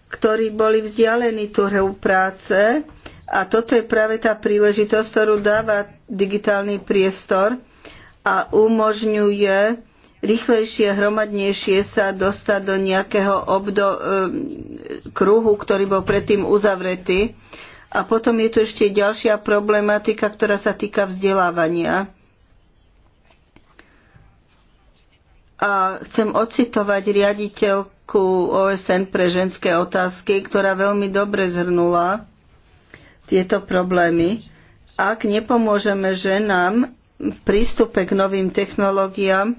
ktorí boli vzdialení hru práce a toto je práve tá príležitosť, ktorú dáva digitálny priestor a umožňuje rýchlejšie, hromadnejšie sa dostať do nejakého obdo- e, kruhu, ktorý bol predtým uzavretý. A potom je tu ešte ďalšia problematika, ktorá sa týka vzdelávania. A chcem ocitovať riaditeľku OSN pre ženské otázky, ktorá veľmi dobre zhrnula tieto problémy. Ak nepomôžeme ženám v prístupe k novým technológiám,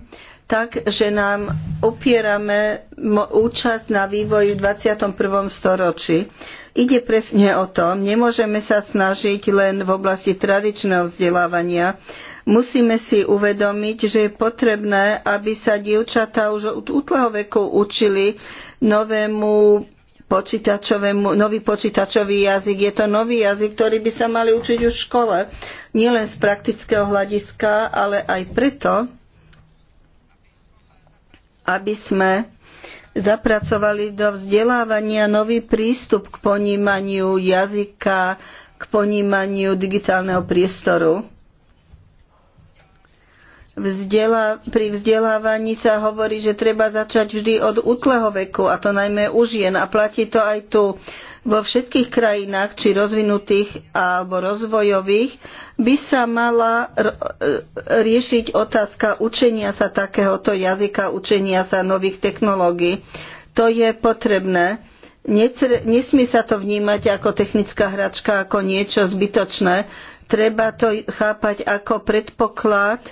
tak, že nám upierame účasť na vývoji v 21. storočí. Ide presne o to. Nemôžeme sa snažiť len v oblasti tradičného vzdelávania. Musíme si uvedomiť, že je potrebné, aby sa dievčatá už od útleho veku učili novému počítačovému, nový počítačový jazyk. Je to nový jazyk, ktorý by sa mali učiť už v škole. Nielen z praktického hľadiska, ale aj preto, aby sme zapracovali do vzdelávania nový prístup k ponímaniu jazyka, k ponímaniu digitálneho priestoru. Vzdela, pri vzdelávaní sa hovorí, že treba začať vždy od útleho veku, a to najmä u žien. A platí to aj tu vo všetkých krajinách, či rozvinutých alebo rozvojových, by sa mala e, riešiť otázka učenia sa takéhoto jazyka, učenia sa nových technológií. To je potrebné. Nesmie sa to vnímať ako technická hračka, ako niečo zbytočné. Treba to chápať ako predpoklad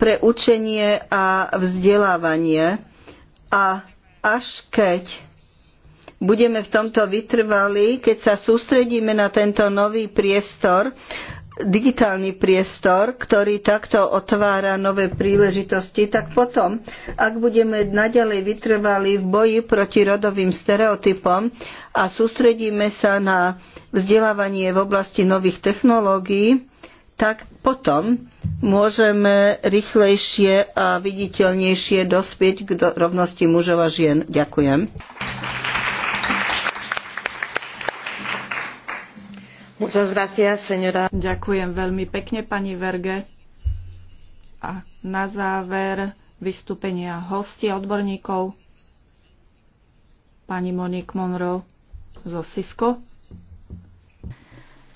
pre učenie a vzdelávanie. A až keď budeme v tomto vytrvali, keď sa sústredíme na tento nový priestor, digitálny priestor, ktorý takto otvára nové príležitosti, tak potom, ak budeme naďalej vytrvali v boji proti rodovým stereotypom a sústredíme sa na vzdelávanie v oblasti nových technológií, tak potom môžeme rýchlejšie a viditeľnejšie dospieť k rovnosti mužov a žien. Ďakujem. Ďakujem veľmi pekne, pani Verge. A na záver vystúpenia hostí odborníkov pani Monique Monroe zo Cisco.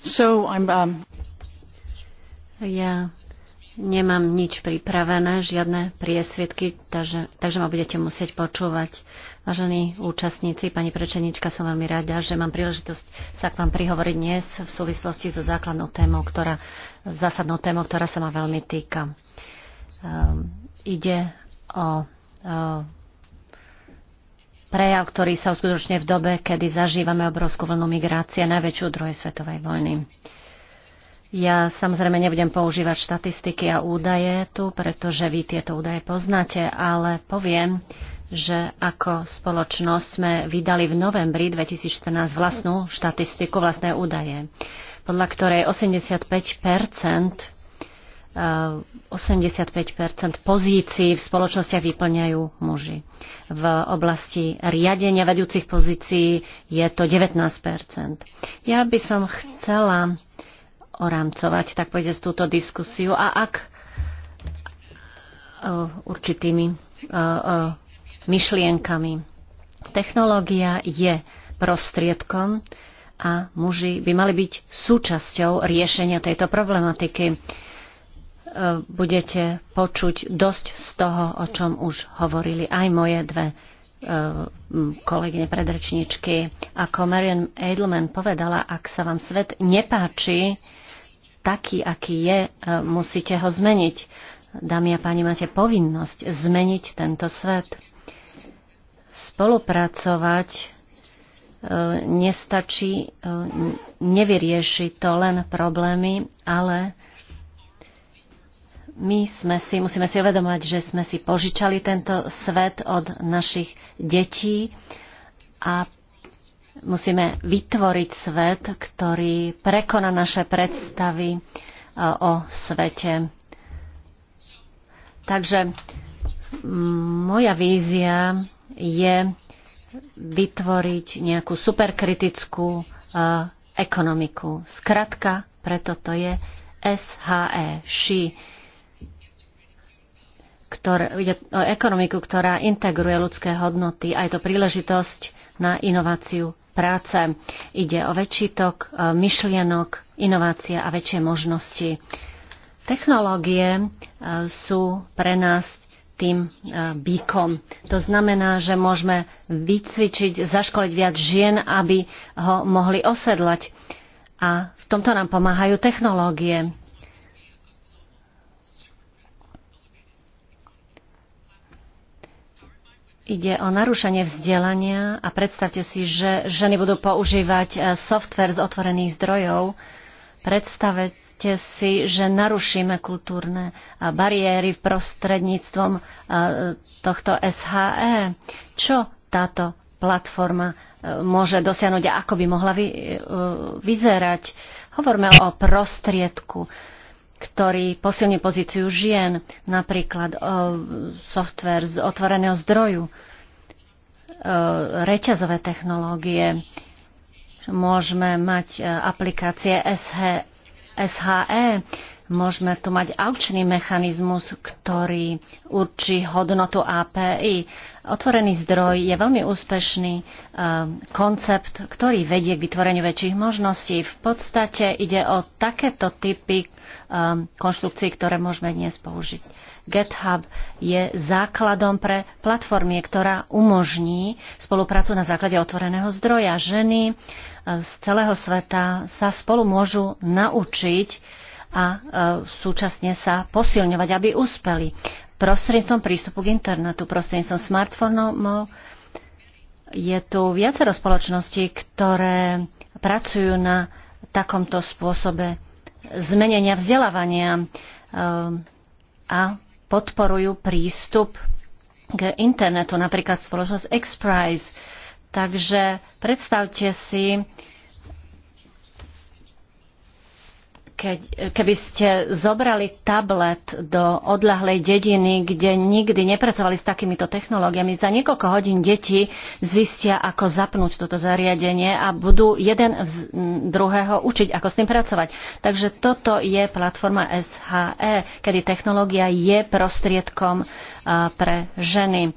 So I'm, um... Ja nemám nič pripravené, žiadne priesvitky, takže, takže ma budete musieť počúvať. Vážení účastníci, pani prečenička, som veľmi rada, že mám príležitosť sa k vám prihovoriť dnes v súvislosti so základnou témou, ktorá, zásadnou témou, ktorá sa ma veľmi týka. Um, ide o um, prejav, ktorý sa uskutočne v dobe, kedy zažívame obrovskú vlnu migrácie, najväčšiu druhej svetovej vojny. Ja samozrejme nebudem používať štatistiky a údaje tu, pretože vy tieto údaje poznáte, ale poviem, že ako spoločnosť sme vydali v novembri 2014 vlastnú štatistiku, vlastné údaje, podľa ktorej 85 85 eh, pozícií v spoločnostiach vyplňajú muži. V oblasti riadenia vedúcich pozícií je to 19 Ja by som chcela orámcovať, tak z túto diskusiu a ak eh, určitými eh, myšlienkami. Technológia je prostriedkom a muži by mali byť súčasťou riešenia tejto problematiky. E, budete počuť dosť z toho, o čom už hovorili aj moje dve e, kolegyne predrečníčky. Ako Marian Edelman povedala, ak sa vám svet nepáči, taký, aký je, e, musíte ho zmeniť. Dámy a páni, máte povinnosť zmeniť tento svet spolupracovať e, nestačí, e, nevyrieši to len problémy, ale my sme si, musíme si uvedomať, že sme si požičali tento svet od našich detí a musíme vytvoriť svet, ktorý prekoná naše predstavy e, o svete. Takže moja vízia je vytvoriť nejakú superkritickú e, ekonomiku. Skratka, preto to je SHE, SHE ktoré, ide o ekonomiku, ktorá integruje ľudské hodnoty a je to príležitosť na inováciu práce. Ide o väčší tok e, myšlienok, inovácie a väčšie možnosti. Technológie e, sú pre nás tým e, bíkom. To znamená, že môžeme vycvičiť, zaškoliť viac žien, aby ho mohli osedlať. A v tomto nám pomáhajú technológie. Ide o narušenie vzdelania a predstavte si, že ženy budú používať e, software z otvorených zdrojov. Predstavte Myslíte si, že narušíme kultúrne bariéry v prostredníctvom e, tohto SHE? Čo táto platforma e, môže dosiahnuť a ako by mohla e, vyzerať? Hovorme o prostriedku ktorý posilní pozíciu žien, napríklad software z otvoreného zdroju, reťazové technológie, môžeme mať aplikácie SHE SHE. Môžeme tu mať aukčný mechanizmus, ktorý určí hodnotu API. Otvorený zdroj je veľmi úspešný um, koncept, ktorý vedie k vytvoreniu väčších možností. V podstate ide o takéto typy um, konštrukcií, ktoré môžeme dnes použiť. GitHub je základom pre platformy, ktorá umožní spoluprácu na základe otvoreného zdroja. Ženy, E, z celého sveta sa spolu môžu naučiť a e, súčasne sa posilňovať, aby úspeli. Prostredníctvom prístupu k internetu, prostredníctvom smartfónov je tu viacero spoločností, ktoré pracujú na takomto spôsobe zmenenia vzdelávania e, a podporujú prístup k internetu. Napríklad spoločnosť XPRIZE Takže predstavte si, keď, keby ste zobrali tablet do odlahlej dediny, kde nikdy nepracovali s takýmito technológiami, za niekoľko hodín deti zistia, ako zapnúť toto zariadenie a budú jeden z druhého učiť, ako s tým pracovať. Takže toto je platforma SHE, kedy technológia je prostriedkom pre ženy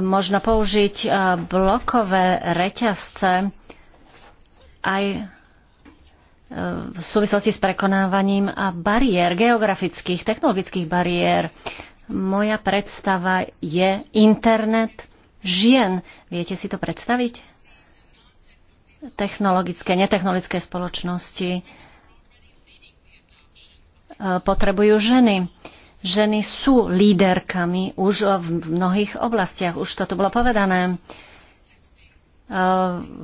možno použiť e, blokové reťazce aj e, v súvislosti s prekonávaním bariér, geografických, technologických bariér. Moja predstava je internet žien. Viete si to predstaviť? Technologické, netechnologické spoločnosti e, potrebujú ženy ženy sú líderkami už v mnohých oblastiach. Už toto bolo povedané. E,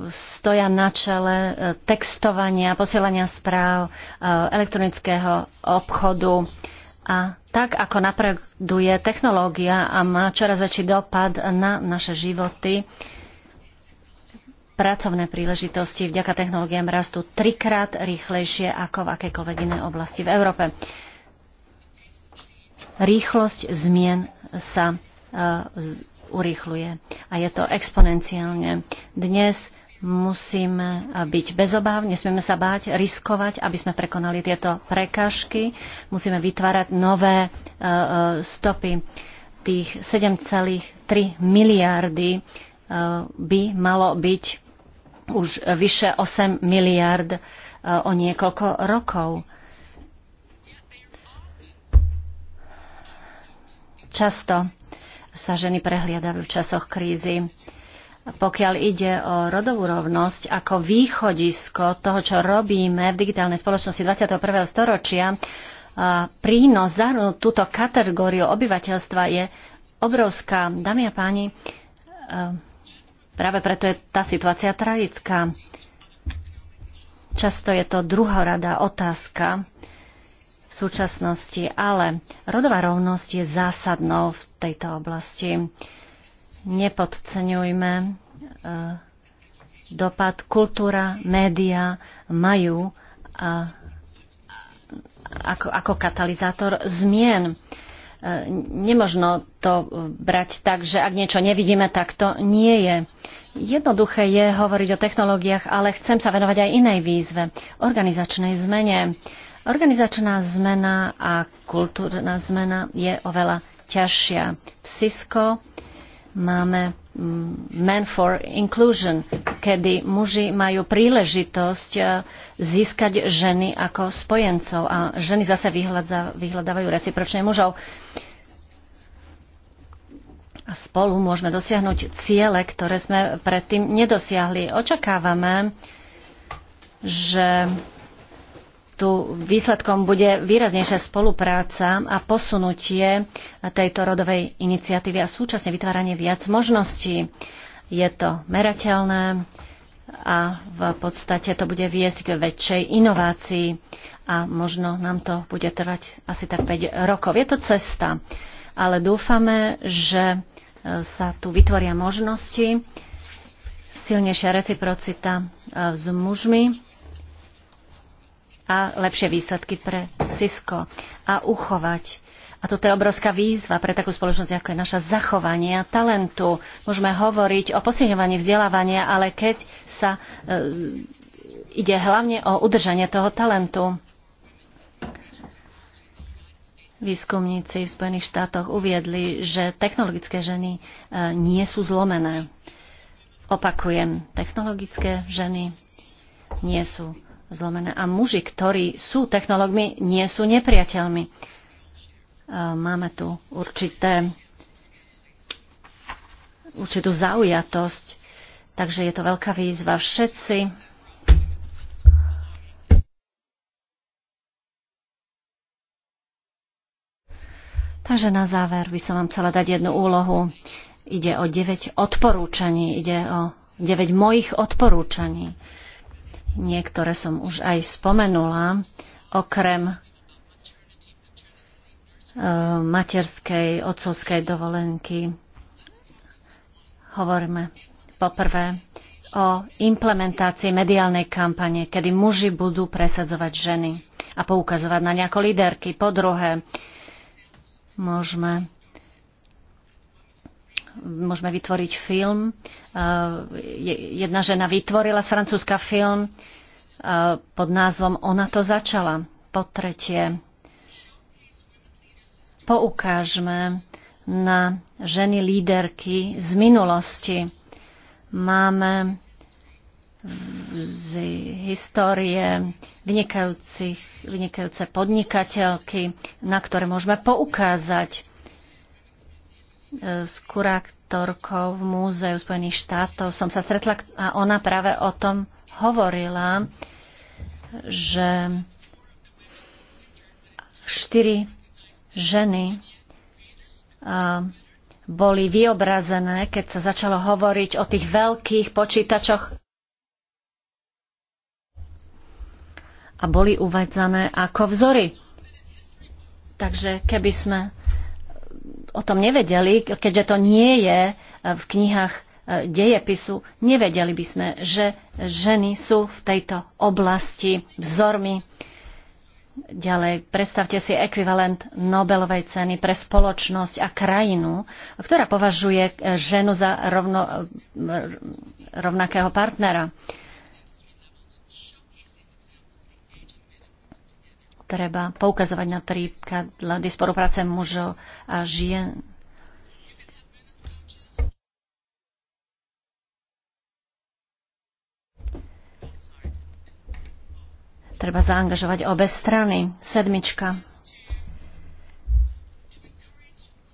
stoja na čele e, textovania, posielania správ, e, elektronického obchodu. A tak, ako napreduje technológia a má čoraz väčší dopad na naše životy, pracovné príležitosti vďaka technológiám rastú trikrát rýchlejšie ako v akejkoľvek inej oblasti v Európe rýchlosť zmien sa e, urýchluje a je to exponenciálne. Dnes musíme e, byť bez nesmieme sa báť, riskovať, aby sme prekonali tieto prekažky. Musíme vytvárať nové e, stopy. Tých 7,3 miliardy by malo byť už vyše 8 miliard o niekoľko rokov Často sa ženy prehliadajú v časoch krízy. Pokiaľ ide o rodovú rovnosť ako východisko toho, čo robíme v digitálnej spoločnosti 21. storočia, prínos zahrnúť túto kategóriu obyvateľstva je obrovská. Dámy a páni, práve preto je tá situácia tragická. Často je to druhorada otázka súčasnosti, ale rodová rovnosť je zásadnou v tejto oblasti. Nepodceňujme e, dopad. Kultúra, média majú e, ako, ako katalizátor zmien. E, nemožno to brať tak, že ak niečo nevidíme, tak to nie je. Jednoduché je hovoriť o technológiách, ale chcem sa venovať aj inej výzve, organizačnej zmene Organizačná zmena a kultúrna zmena je oveľa ťažšia. V Cisco máme mm, Men for Inclusion, kedy muži majú príležitosť e, získať ženy ako spojencov a ženy zase vyhľadávajú recipročne mužov. A spolu môžeme dosiahnuť ciele, ktoré sme predtým nedosiahli. Očakávame, že tu výsledkom bude výraznejšia spolupráca a posunutie tejto rodovej iniciatívy a súčasne vytváranie viac možností. Je to merateľné a v podstate to bude viesť k väčšej inovácii a možno nám to bude trvať asi tak 5 rokov. Je to cesta, ale dúfame, že e, sa tu vytvoria možnosti, silnejšia reciprocita e, s mužmi a lepšie výsledky pre Cisco a uchovať. A toto je obrovská výzva pre takú spoločnosť, ako je naša zachovanie a talentu. Môžeme hovoriť o posilňovaní vzdelávania, ale keď sa e, ide hlavne o udržanie toho talentu, výskumníci v Spojených štátoch uviedli, že technologické ženy e, nie sú zlomené. Opakujem, technologické ženy nie sú zlomené a muži, ktorí sú technológmi, nie sú nepriateľmi. E, máme tu určité, určitú zaujatosť, takže je to veľká výzva. Všetci Takže na záver by som vám chcela dať jednu úlohu. Ide o 9 odporúčaní, ide o 9 mojich odporúčaní. Niektoré som už aj spomenula. Okrem e, materskej, otcovskej dovolenky. Hovoríme poprvé o implementácii mediálnej kampane, kedy muži budú presadzovať ženy a poukazovať na nejako líderky. Po druhé, môžeme môžeme vytvoriť film. Eh, jedna žena vytvorila z Francúzska film eh, pod názvom Ona to začala. Po tretie, poukážme na ženy líderky z minulosti. Máme z histórie vynikajúcich, vynikajúce podnikateľky, na ktoré môžeme poukázať s kurátorkou v Múzeu Spojených štátov som sa stretla a ona práve o tom hovorila, že štyri ženy boli vyobrazené, keď sa začalo hovoriť o tých veľkých počítačoch a boli uvedzané ako vzory. Takže keby sme o tom nevedeli, keďže to nie je e, v knihách e, dejepisu, nevedeli by sme, že ženy sú v tejto oblasti vzormi. Ďalej, predstavte si ekvivalent Nobelovej ceny pre spoločnosť a krajinu, ktorá považuje e, ženu za rovno, rovnakého partnera. Uh, treba poukazovať napríklad hľady spolupráce mužov a žien. Treba zaangažovať obe strany. Sedmička.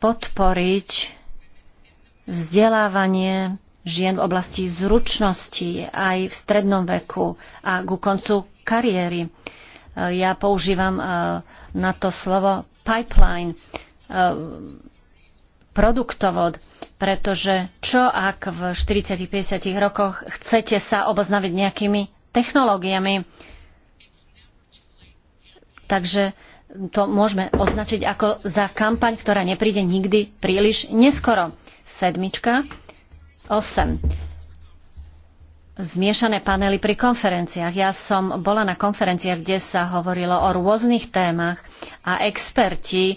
Podporiť vzdelávanie žien v oblasti zručnosti aj v strednom veku a ku koncu kariéry ja používam e, na to slovo pipeline, e, produktovod, pretože čo ak v 40-50 rokoch chcete sa oboznaviť nejakými technológiami, takže to môžeme označiť ako za kampaň, ktorá nepríde nikdy príliš neskoro. Sedmička, osem zmiešané panely pri konferenciách. Ja som bola na konferenciách, kde sa hovorilo o rôznych témach a experti e,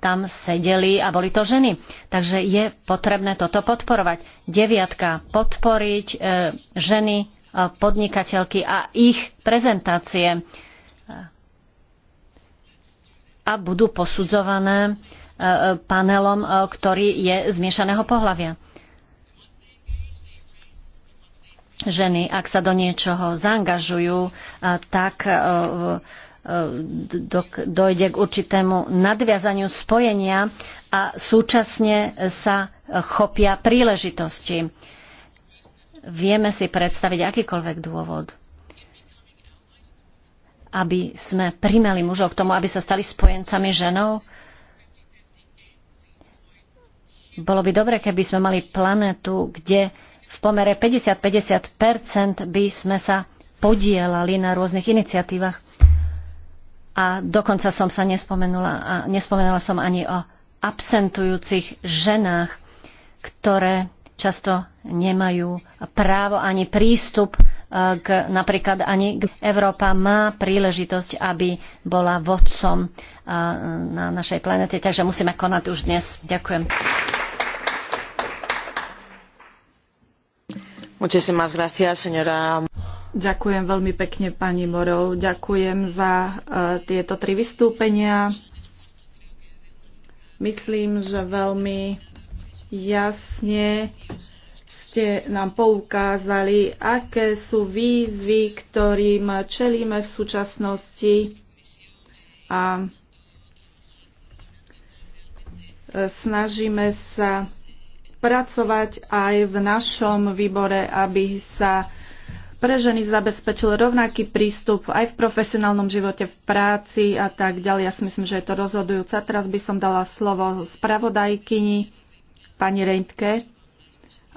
tam sedeli a boli to ženy. Takže je potrebné toto podporovať. Deviatka, podporiť e, ženy, e, podnikateľky a ich prezentácie a budú posudzované panelom, ktorý je zmiešaného pohľavia. ženy, ak sa do niečoho zaangažujú, tak e, e, dojde k určitému nadviazaniu spojenia a súčasne sa chopia príležitosti. Vieme si predstaviť akýkoľvek dôvod, aby sme primeli mužov k tomu, aby sa stali spojencami ženou. Bolo by dobre, keby sme mali planetu, kde pomere 50-50 by sme sa podielali na rôznych iniciatívach. A dokonca som sa nespomenula, a nespomenula som ani o absentujúcich ženách, ktoré často nemajú právo ani prístup e, k, napríklad ani Európa má príležitosť, aby bola vodcom e, na našej planete, takže musíme konať už dnes. Ďakujem. Ďakujem veľmi pekne, pani Morov. Ďakujem za e, tieto tri vystúpenia. Myslím, že veľmi jasne ste nám poukázali, aké sú výzvy, ktorým čelíme v súčasnosti a e, snažíme sa pracovať aj v našom výbore, aby sa pre ženy zabezpečil rovnaký prístup aj v profesionálnom živote, v práci a tak ďalej. Ja si myslím, že je to rozhodujúce. teraz by som dala slovo spravodajkyni pani Reintke,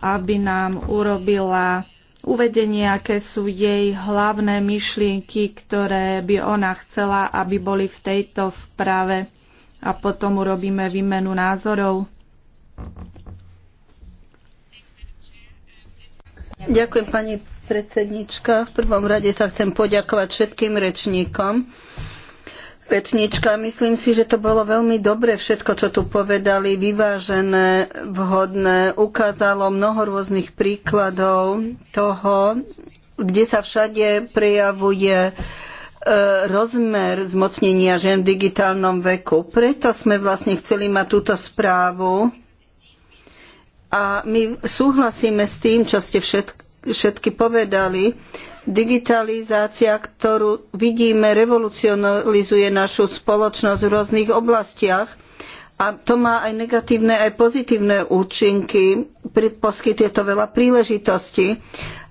aby nám urobila uvedenie, aké sú jej hlavné myšlienky, ktoré by ona chcela, aby boli v tejto správe a potom urobíme výmenu názorov. Ďakujem pani predsednička. V prvom rade sa chcem poďakovať všetkým rečníkom. Rečníčka, myslím si, že to bolo veľmi dobre všetko, čo tu povedali, vyvážené, vhodné, ukázalo mnoho rôznych príkladov toho, kde sa všade prejavuje e, rozmer zmocnenia žien v digitálnom veku. Preto sme vlastne chceli mať túto správu, a my súhlasíme s tým, čo ste všetky, všetky povedali. Digitalizácia, ktorú vidíme, revolucionalizuje našu spoločnosť v rôznych oblastiach. A to má aj negatívne, aj pozitívne účinky. Poskytuje to veľa príležitostí.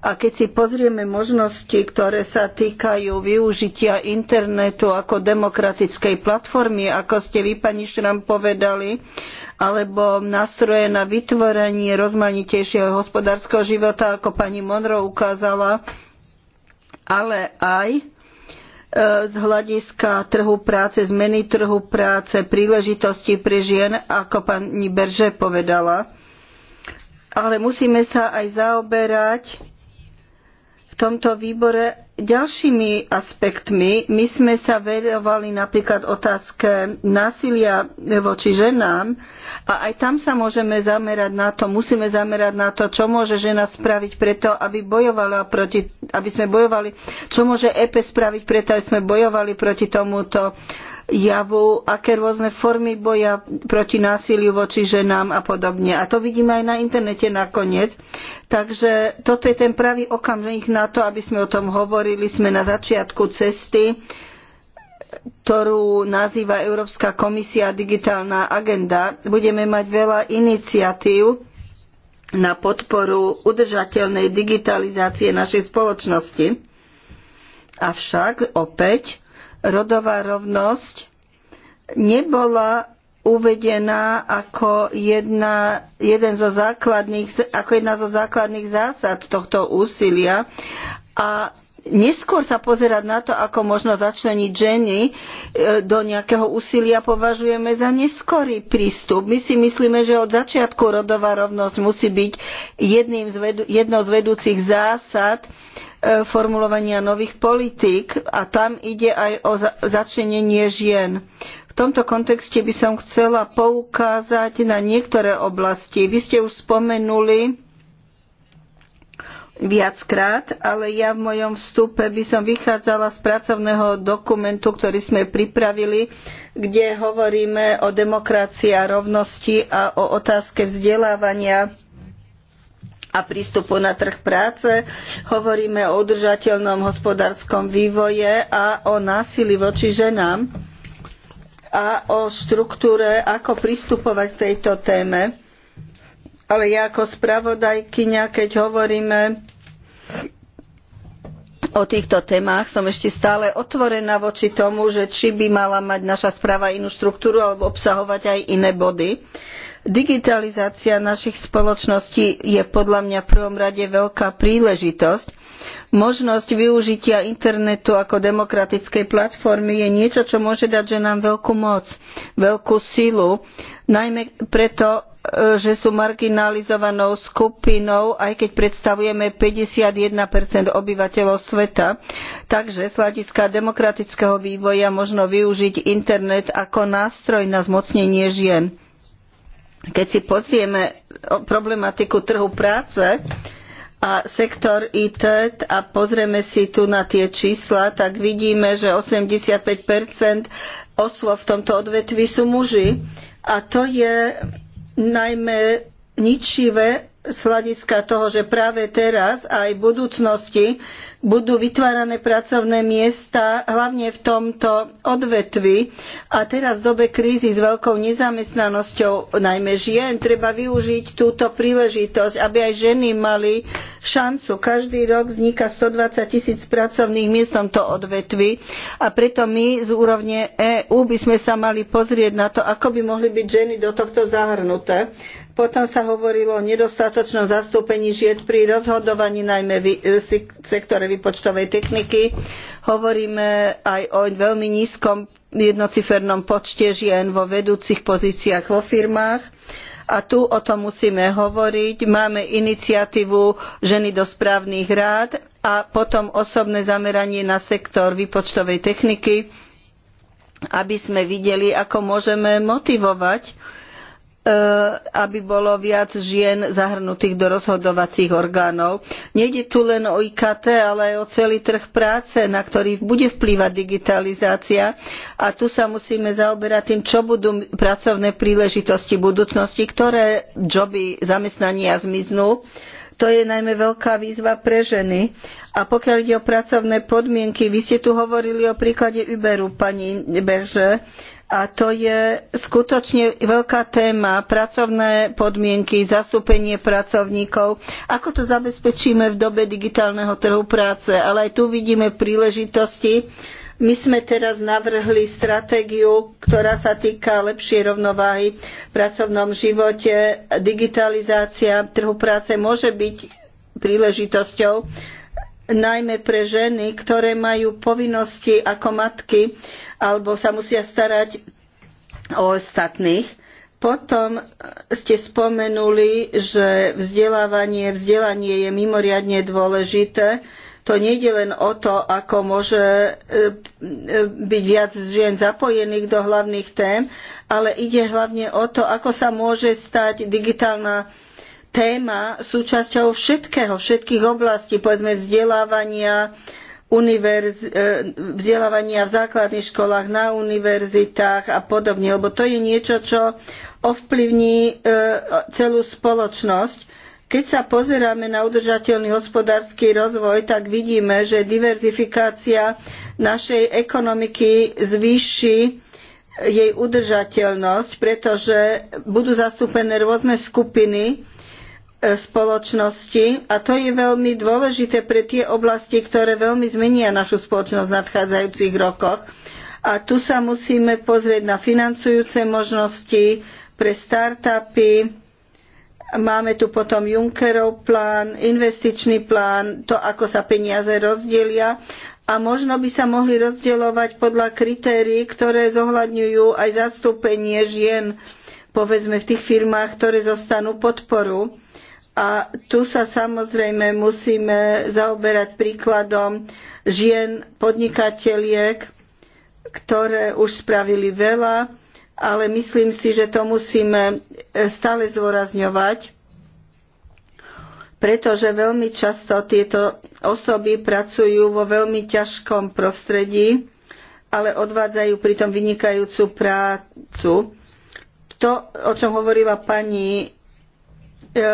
A keď si pozrieme možnosti, ktoré sa týkajú využitia internetu ako demokratickej platformy, ako ste vy, pani Šram, povedali, alebo nástroje na vytvorenie rozmanitejšieho hospodárskeho života, ako pani Monro ukázala, ale aj e, z hľadiska trhu práce, zmeny trhu práce, príležitosti pre žien, ako pani Berže povedala. Ale musíme sa aj zaoberať tomto výbore ďalšími aspektmi. My sme sa venovali napríklad otázke násilia voči ženám a aj tam sa môžeme zamerať na to, musíme zamerať na to, čo môže žena spraviť preto, aby bojovala proti, aby sme bojovali, čo môže EP spraviť preto, aby sme bojovali proti tomuto javu, aké rôzne formy boja proti násiliu voči ženám a podobne. A to vidíme aj na internete nakoniec. Takže toto je ten pravý okamžik na to, aby sme o tom hovorili. Sme na začiatku cesty ktorú nazýva Európska komisia Digitálna agenda. Budeme mať veľa iniciatív na podporu udržateľnej digitalizácie našej spoločnosti. Avšak opäť rodová rovnosť nebola uvedená ako jedna, jeden zo základných, ako jedna zo základných zásad tohto úsilia a neskôr sa pozerať na to, ako možno začleniť ženy e, do nejakého úsilia, považujeme za neskorý prístup. My si myslíme, že od začiatku rodová rovnosť musí byť jednou z vedúcich zásad E, formulovania nových politík a tam ide aj o začlenenie žien. V tomto kontexte by som chcela poukázať na niektoré oblasti. Vy ste už spomenuli viackrát, ale ja v mojom vstupe by som vychádzala z pracovného dokumentu, ktorý sme pripravili, kde hovoríme o demokracii a rovnosti a o otázke vzdelávania a prístupu na trh práce, hovoríme o udržateľnom hospodárskom vývoje a o násilí voči ženám a o štruktúre, ako pristupovať k tejto téme. Ale ja ako spravodajkyňa, keď hovoríme o týchto témach, som ešte stále otvorená voči tomu, že či by mala mať naša správa inú štruktúru alebo obsahovať aj iné body. Uh, Digitalizácia našich spoločností je podľa mňa v prvom rade veľká príležitosť. Možnosť využitia internetu ako demokratickej platformy je niečo, čo môže dať ženám veľkú moc, veľkú silu, najmä preto, e, že sú marginalizovanou skupinou, aj keď predstavujeme 51 obyvateľov sveta. Takže z hľadiska demokratického vývoja možno využiť internet ako nástroj na zmocnenie žien keď si pozrieme problematiku trhu práce a sektor IT a pozrieme si tu na tie čísla, tak vidíme, že 85 oslov v tomto odvetví sú muži. A to je najmä ničivé z hľadiska toho, že práve teraz aj v budúcnosti budú vytvárané pracovné miesta, hlavne v tomto odvetvi. A teraz v dobe krízy s veľkou nezamestnanosťou, najmä žien, treba využiť túto príležitosť, aby aj ženy mali šancu. Každý rok vzniká 120 tisíc pracovných miest v tomto odvetvi a preto my z úrovne EÚ by sme sa mali pozrieť na to, ako by mohli byť ženy do tohto zahrnuté. Potom sa hovorilo o nedostatočnom zastúpení žien pri rozhodovaní najmä v e, sektore výpočtovej techniky. Hovoríme aj o veľmi nízkom jednocifernom počte žien vo vedúcich pozíciách vo firmách. A tu o tom musíme hovoriť. Máme iniciatívu Ženy do správnych rád a potom osobné zameranie na sektor výpočtovej techniky, aby sme videli, ako môžeme motivovať E, aby bolo viac žien zahrnutých do rozhodovacích orgánov. Nejde tu len o IKT, ale aj o celý trh práce, na ktorý bude vplývať digitalizácia a tu sa musíme zaoberať tým, čo budú pracovné príležitosti budúcnosti, ktoré joby zamestnania zmiznú. To je najmä veľká výzva pre ženy. A pokiaľ ide o pracovné podmienky, vy ste tu hovorili o príklade Uberu, pani Berže, a to je skutočne veľká téma, pracovné podmienky, zastúpenie pracovníkov, ako to zabezpečíme v dobe digitálneho trhu práce. Ale aj tu vidíme príležitosti. My sme teraz navrhli stratégiu, ktorá sa týka lepšej rovnováhy v pracovnom živote. Digitalizácia trhu práce môže byť príležitosťou najmä pre ženy, ktoré majú povinnosti ako matky alebo sa musia starať o ostatných. Potom ste spomenuli, že vzdelávanie, vzdelanie je mimoriadne dôležité. To nejde len o to, ako môže e, e, byť viac žien zapojených do hlavných tém, ale ide hlavne o to, ako sa môže stať digitálna téma súčasťou všetkého, všetkých oblastí, povedzme vzdelávania, univerz- e, vzdelávania v základných školách, na univerzitách a podobne, lebo to je niečo, čo ovplyvní e, celú spoločnosť. Keď sa pozeráme na udržateľný hospodársky rozvoj, tak vidíme, že diverzifikácia našej ekonomiky zvýši e, jej udržateľnosť, pretože budú zastúpené rôzne skupiny, E, spoločnosti a to je veľmi dôležité pre tie oblasti, ktoré veľmi zmenia našu spoločnosť v nadchádzajúcich rokoch. A tu sa musíme pozrieť na financujúce možnosti pre startupy. Máme tu potom Junckerov plán, investičný plán, to, ako sa peniaze rozdelia, a možno by sa mohli rozdielovať podľa kritérií, ktoré zohľadňujú aj zastúpenie žien, povedzme, v tých firmách, ktoré zostanú podporu a tu sa samozrejme musíme zaoberať príkladom žien podnikateliek, ktoré už spravili veľa, ale myslím si, že to musíme e, stále zdôrazňovať, pretože veľmi často tieto osoby pracujú vo veľmi ťažkom prostredí, ale odvádzajú pritom vynikajúcu prácu. To, o čom hovorila pani E,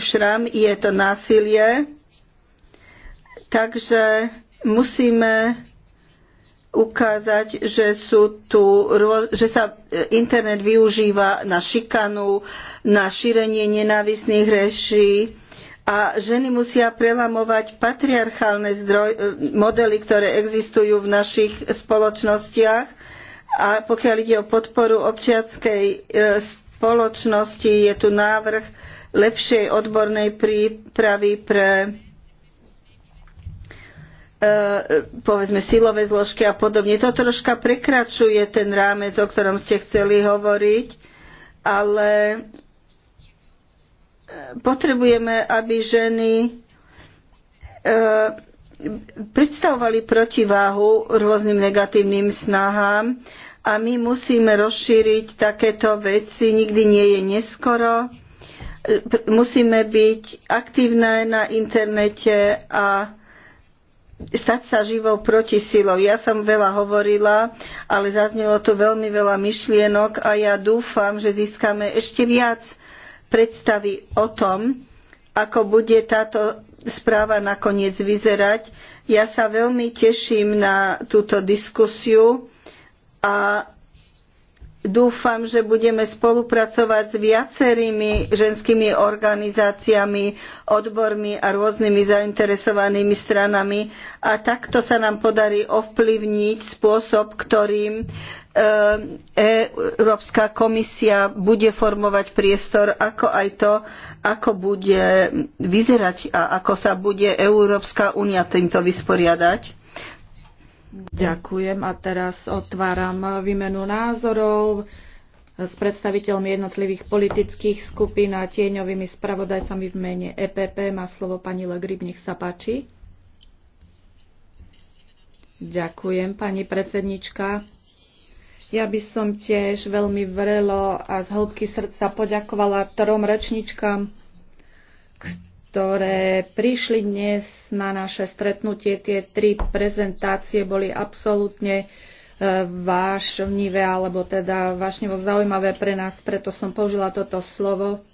šram, je to násilie. Takže musíme ukázať, že, sú tu, že sa e, internet využíva na šikanu, na šírenie nenávisných reší a ženy musia prelamovať patriarchálne zdroj, e, modely, ktoré existujú v našich spoločnostiach a pokiaľ ide o podporu občianskej spoločnosti, spoločnosti. Je tu návrh lepšej odbornej prípravy pre e, povedzme silové zložky a podobne. To troška prekračuje ten rámec, o ktorom ste chceli hovoriť, ale e, potrebujeme, aby ženy e, predstavovali protiváhu rôznym negatívnym snahám a my musíme rozšíriť takéto veci, nikdy nie je neskoro. Musíme byť aktívne na internete a stať sa živou protisilou. Ja som veľa hovorila, ale zaznelo tu veľmi veľa myšlienok a ja dúfam, že získame ešte viac predstavy o tom, ako bude táto správa nakoniec vyzerať. Ja sa veľmi teším na túto diskusiu a dúfam, že budeme spolupracovať s viacerými ženskými organizáciami, odbormi a rôznymi zainteresovanými stranami a takto sa nám podarí ovplyvniť spôsob, ktorým eh, Európska komisia bude formovať priestor, ako aj to, ako bude vyzerať a ako sa bude Európska únia týmto vysporiadať. Ďakujem a teraz otváram výmenu názorov s predstaviteľmi jednotlivých politických skupín a tieňovými spravodajcami v mene EPP. Má slovo pani Legrib, nech sa páči. Ďakujem, pani predsednička. Ja by som tiež veľmi vrelo a z hĺbky srdca poďakovala trom rečničkám ktoré prišli dnes na naše stretnutie. Tie tri prezentácie boli absolútne e, vášnivé, alebo teda vášnivo zaujímavé pre nás, preto som použila toto slovo. E,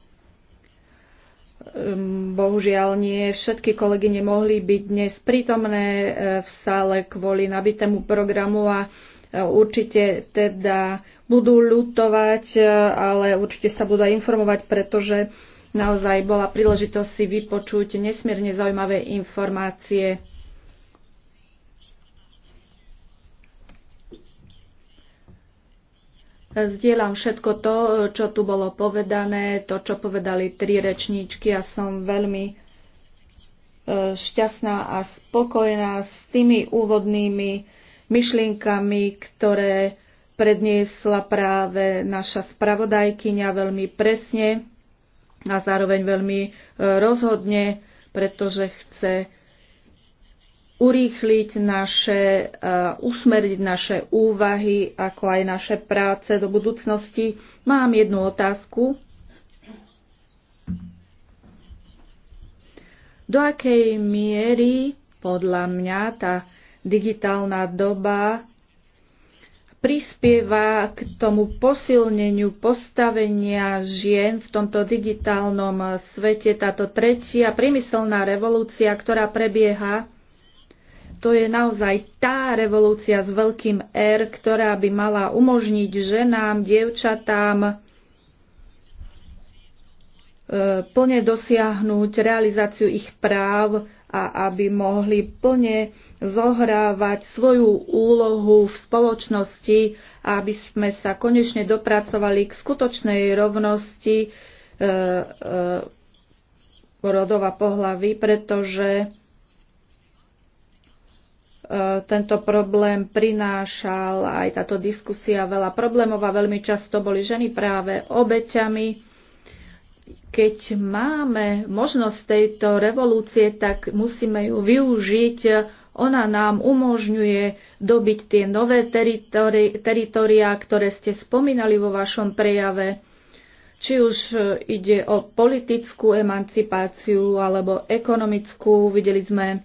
bohužiaľ nie všetky kolegy nemohli byť dnes prítomné e, v sále kvôli nabitému programu a určite teda budú ľutovať, ale určite sa budú aj informovať, pretože Naozaj bola príležitosť si vypočuť nesmierne zaujímavé informácie. Zdieľam všetko to, čo tu bolo povedané, to, čo povedali tri rečníčky a ja som veľmi e, šťastná a spokojná s tými úvodnými myšlienkami, ktoré predniesla práve naša spravodajkyňa veľmi presne a zároveň veľmi e, rozhodne, pretože chce urýchliť naše, e, usmeriť naše úvahy, ako aj naše práce do budúcnosti. Mám jednu otázku. Do akej miery podľa mňa tá digitálna doba prispieva k tomu posilneniu postavenia žien v tomto digitálnom svete. Táto tretia priemyselná revolúcia, ktorá prebieha, to je naozaj tá revolúcia s veľkým R, ktorá by mala umožniť ženám, dievčatám e, plne dosiahnuť realizáciu ich práv a aby mohli plne zohrávať svoju úlohu v spoločnosti a aby sme sa konečne dopracovali k skutočnej rovnosti e, e, rodova pohlavy, pretože e, tento problém prinášal aj táto diskusia veľa problémov a veľmi často boli ženy práve obeťami keď máme možnosť tejto revolúcie, tak musíme ju využiť. Ona nám umožňuje dobiť tie nové teritoria, ktoré ste spomínali vo vašom prejave. Či už e, ide o politickú emancipáciu alebo ekonomickú, videli sme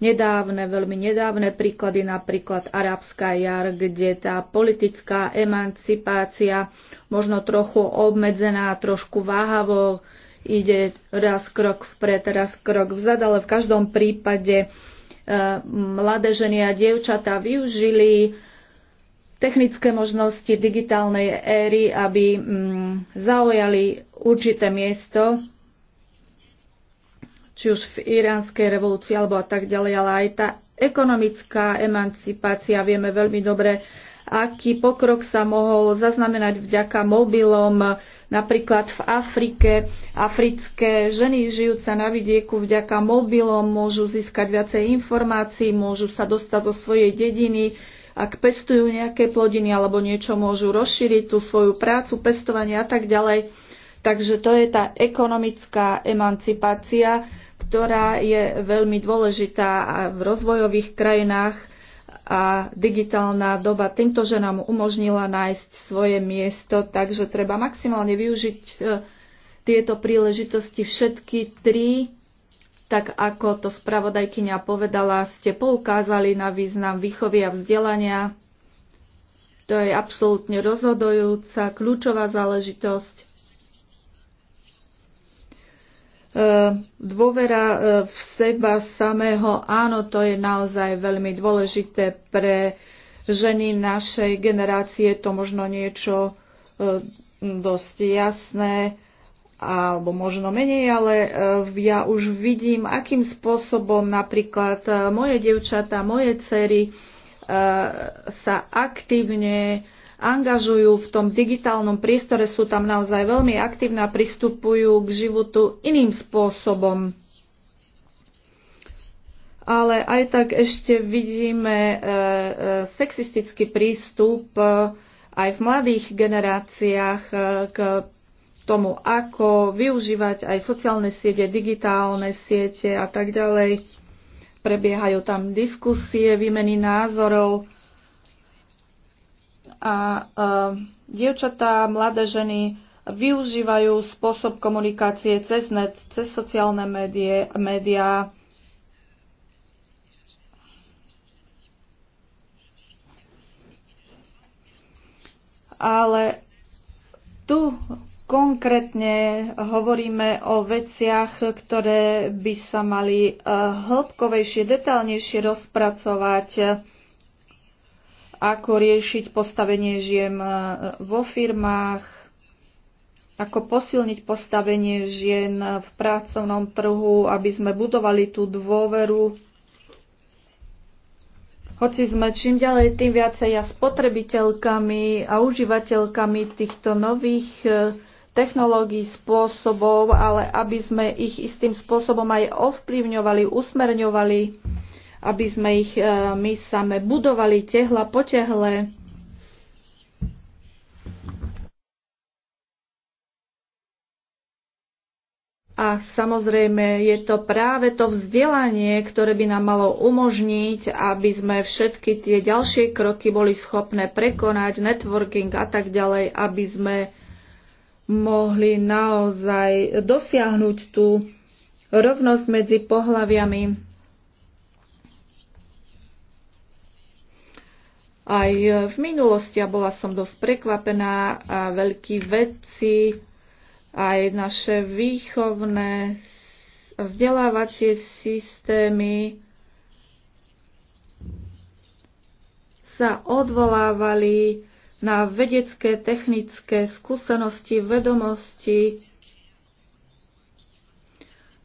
nedávne, veľmi nedávne príklady, napríklad Arabská jar, kde tá politická emancipácia možno trochu obmedzená, trošku váhavo ide raz krok vpred, raz krok vzad, ale v každom prípade e, mladé ženy a dievčatá využili technické možnosti digitálnej éry, aby mm, zaujali určité miesto či už v iránskej revolúcii alebo a tak ďalej, ale aj tá ekonomická emancipácia. Vieme veľmi dobre, aký pokrok sa mohol zaznamenať vďaka mobilom, napríklad v Afrike. Africké ženy žijúce na vidieku vďaka mobilom môžu získať viacej informácií, môžu sa dostať zo svojej dediny, ak pestujú nejaké plodiny alebo niečo, môžu rozšíriť tú svoju prácu, pestovanie a tak ďalej. Takže to je tá ekonomická emancipácia, ktorá je veľmi dôležitá v rozvojových krajinách a digitálna doba týmto ženám umožnila nájsť svoje miesto, takže treba maximálne využiť e, tieto príležitosti všetky tri, tak ako to spravodajkyňa povedala, ste poukázali na význam výchovy a vzdelania. To je absolútne rozhodujúca, kľúčová záležitosť. E, dôvera e, v seba samého, áno, to je naozaj veľmi dôležité pre ženy našej generácie. Je to možno niečo e, dosť jasné, alebo možno menej, ale ja už vidím, akým spôsobom napríklad moje dievčatá, moje cery sa aktívne angažujú v tom digitálnom priestore, sú tam naozaj veľmi aktívne a pristupujú k životu iným spôsobom. Ale aj tak ešte vidíme e, e, sexistický prístup e, aj v mladých generáciách e, k tomu, ako využívať aj sociálne siete, digitálne siete a tak ďalej. Prebiehajú tam diskusie, výmeny názorov a e, dievčatá, mladé ženy využívajú spôsob komunikácie cez net, cez sociálne médie, médiá. Ale tu konkrétne hovoríme o veciach, ktoré by sa mali e, hĺbkovejšie, detálnejšie rozpracovať ako riešiť postavenie žien e, vo firmách, ako posilniť postavenie žien v pracovnom trhu, aby sme budovali tú dôveru. Hoci sme čím ďalej, tým viacej a spotrebiteľkami a užívateľkami týchto nových e, technológií, spôsobov, ale aby sme ich istým spôsobom aj ovplyvňovali, usmerňovali aby sme ich e, my same budovali tehla po tehle. A samozrejme je to práve to vzdelanie, ktoré by nám malo umožniť, aby sme všetky tie ďalšie kroky boli schopné prekonať, networking a tak ďalej, aby sme mohli naozaj dosiahnuť tú rovnosť medzi pohlaviami. Aj e, v minulosti ja bola som dosť prekvapená a veľkí vedci, aj naše výchovné vzdelávacie systémy sa odvolávali na vedecké, technické skúsenosti, vedomosti.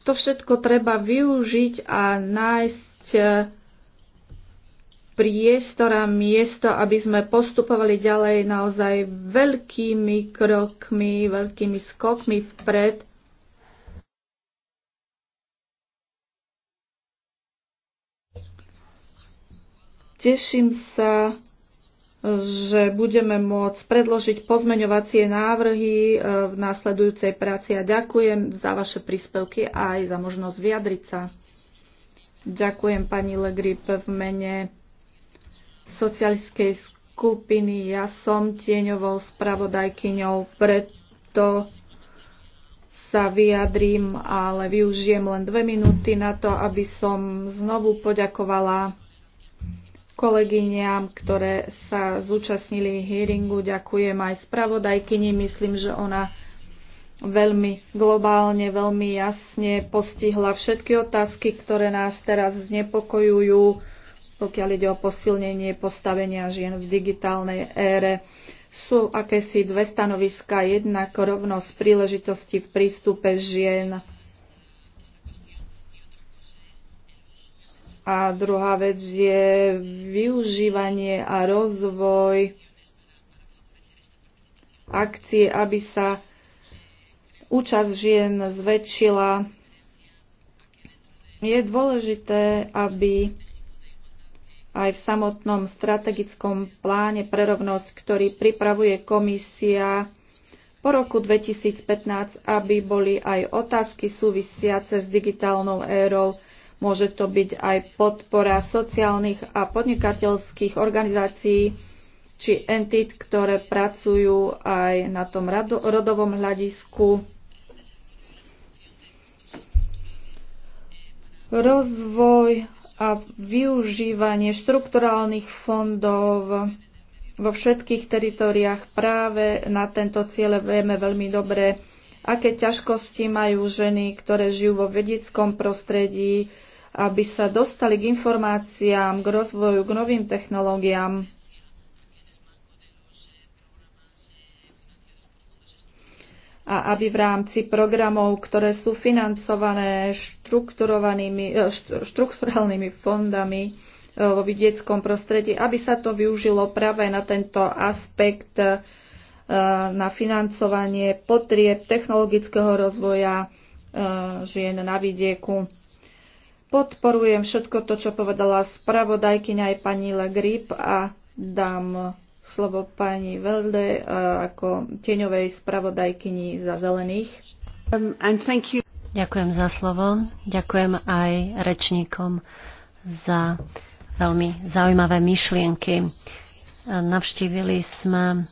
To všetko treba využiť a nájsť e, priestor a miesto, aby sme postupovali ďalej naozaj veľkými krokmi, veľkými skokmi vpred. Teším sa, že budeme môcť predložiť pozmeňovacie návrhy e, v následujúcej práci a ďakujem za vaše príspevky a aj za možnosť vyjadriť sa. Ďakujem pani Legrip v mene socialistickej skupiny. Ja som tieňovou spravodajkyňou, preto sa vyjadrím, ale využijem len dve minúty na to, aby som znovu poďakovala kolegyňam, ktoré sa zúčastnili hearingu. Ďakujem aj spravodajkyni. Myslím, že ona veľmi globálne, veľmi jasne postihla všetky otázky, ktoré nás teraz znepokojujú pokiaľ ide o posilnenie postavenia žien v digitálnej ére. Sú akési dve stanoviska, jednak rovnosť príležitosti v prístupe žien A druhá vec je využívanie a rozvoj akcie, aby sa účasť žien zväčšila. Je dôležité, aby aj v samotnom strategickom pláne pre rovnosť, ktorý pripravuje komisia po roku 2015, aby boli aj otázky súvisiace s digitálnou érou. Môže to byť aj podpora sociálnych a podnikateľských organizácií či entit, ktoré pracujú aj na tom rodovom hľadisku. Rozvoj a využívanie štrukturálnych fondov vo všetkých teritoriách práve na tento cieľ vieme veľmi dobre, aké ťažkosti majú ženy, ktoré žijú vo vedeckom prostredí, aby sa dostali k informáciám, k rozvoju, k novým technológiám. a aby v rámci programov, ktoré sú financované e, štrukturálnymi fondami e, vo vidieckom prostredí, aby sa to využilo práve na tento aspekt e, na financovanie potrieb technologického rozvoja žien na vidieku. Podporujem všetko to, čo povedala spravodajkyňa aj pani Le Grip a dám slovo pani Velde eh, ako tieňovej spravodajkyni za zelených. Um, Ďakujem za slovo. Ďakujem aj rečníkom za veľmi zaujímavé myšlienky. Navštívili sme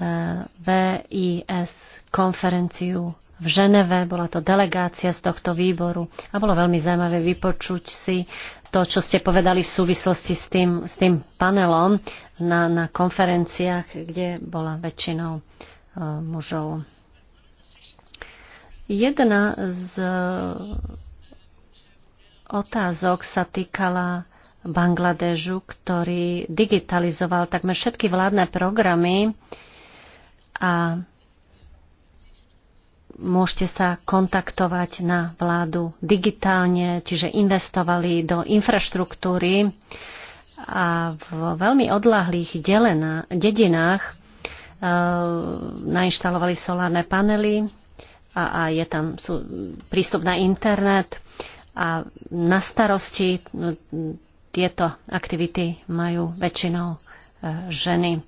eh, VIS konferenciu v Ženeve, bola to delegácia z tohto výboru a bolo veľmi zaujímavé vypočuť si to, čo ste povedali v súvislosti s tým, s tým panelom na, na konferenciách, kde bola väčšinou uh, mužov. Jedna z eh, otázok sa týkala Bangladežu, ktorý digitalizoval takmer všetky vládne programy a môžete sa kontaktovať na vládu digitálne, čiže investovali do infraštruktúry a v veľmi odlahlých delená, dedinách e, nainštalovali solárne panely a, a je tam sú, prístup na internet a na starosti no, tieto aktivity majú väčšinou e, ženy.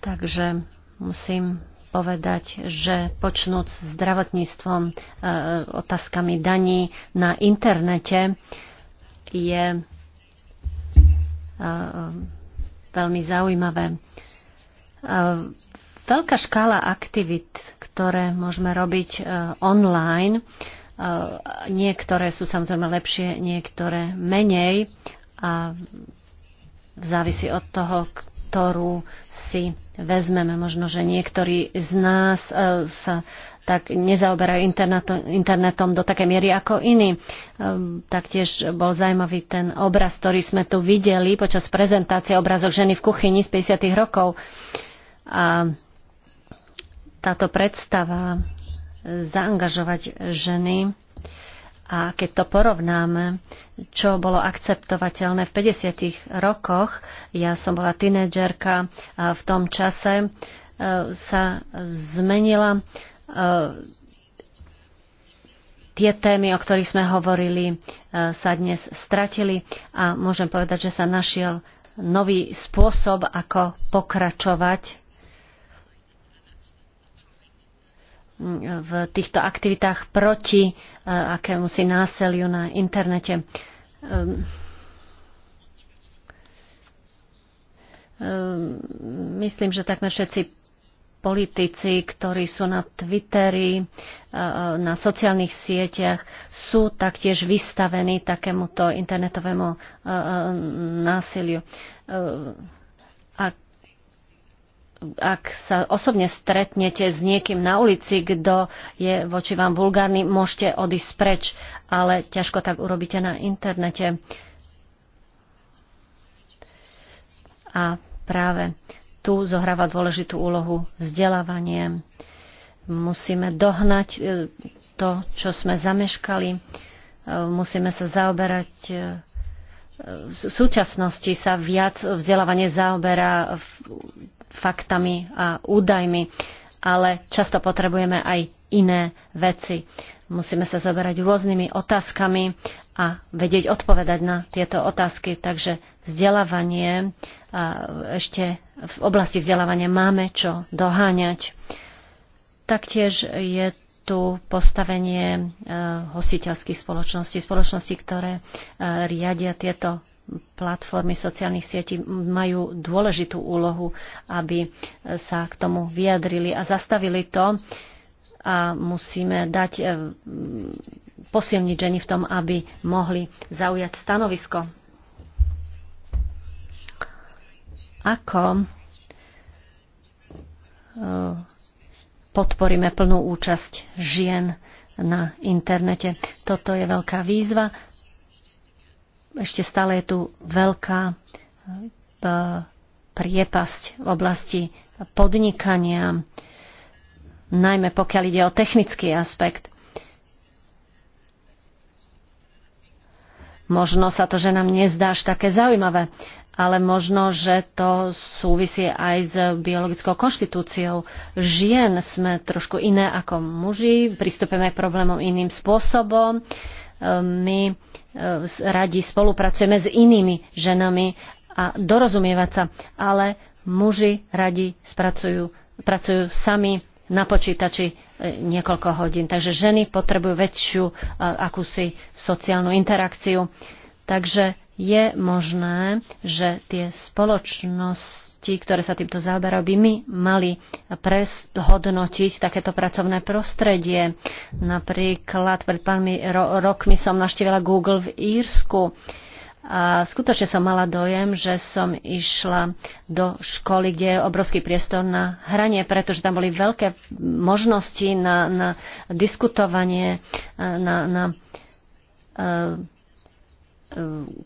Takže musím povedať, že počnúť s zdravotníctvom, e, otázkami daní na internete je e, veľmi zaujímavé. E, veľká škála aktivít, ktoré môžeme robiť online, niektoré sú samozrejme lepšie, niektoré menej a závisí od toho, ktorú si vezmeme. Možno, že niektorí z nás e, sa tak nezaoberajú internetom, internetom do také miery ako iní. E, taktiež bol zaujímavý ten obraz, ktorý sme tu videli počas prezentácie obrazok ženy v kuchyni z 50. rokov. A táto predstava zaangažovať ženy a keď to porovnáme, čo bolo akceptovateľné v 50. rokoch, ja som bola tínedžerka v tom čase, e, sa zmenila e, tie témy, o ktorých sme hovorili, e, sa dnes stratili a môžem povedať, že sa našiel nový spôsob, ako pokračovať v týchto aktivitách proti e, akému si násiliu na internete. Ehm, ehm, myslím, že takmer všetci politici, ktorí sú na Twitteri, e, e, na sociálnych sieťach, sú taktiež vystavení takémuto internetovému násiliu ehm, ak sa osobne stretnete s niekým na ulici, kto je voči vám vulgárny, môžete odísť preč, ale ťažko tak urobíte na internete. A práve tu zohráva dôležitú úlohu vzdelávanie. Musíme dohnať e, to, čo sme zameškali. E, musíme sa zaoberať e, v súčasnosti sa viac vzdelávanie zaoberá faktami a údajmi, ale často potrebujeme aj iné veci. Musíme sa zaberať rôznymi otázkami a vedieť odpovedať na tieto otázky. Takže vzdelávanie, ešte v oblasti vzdelávania máme čo doháňať. Taktiež je tu postavenie e, hostiteľských spoločností, spoločností, ktoré e, riadia tieto platformy sociálnych sietí majú dôležitú úlohu, aby sa k tomu vyjadrili a zastavili to a musíme dať eh, posilniť ženy v tom, aby mohli zaujať stanovisko. Ako eh, podporíme plnú účasť žien na internete. Toto je veľká výzva ešte stále je tu veľká eh, priepasť v oblasti podnikania, najmä pokiaľ ide o technický aspekt. Možno sa to, že nám nezdá až také zaujímavé, ale možno, že to súvisí aj s biologickou konštitúciou. Žien sme trošku iné ako muži, pristupujeme k problémom iným spôsobom. Eh, my E, radi spolupracujeme s inými ženami a dorozumievať sa, ale muži radi spracujú, pracujú sami na počítači e, niekoľko hodín. Takže ženy potrebujú väčšiu e, akúsi sociálnu interakciu. Takže je možné, že tie spoločnosti spoločnosti, ktoré sa týmto zaoberajú, by my mali prehodnotiť takéto pracovné prostredie. Napríklad pred pármi ro- rokmi som navštívila Google v Írsku. A skutočne som mala dojem, že som išla do školy, kde je obrovský priestor na hranie, pretože tam boli veľké možnosti na, na diskutovanie, na, na e,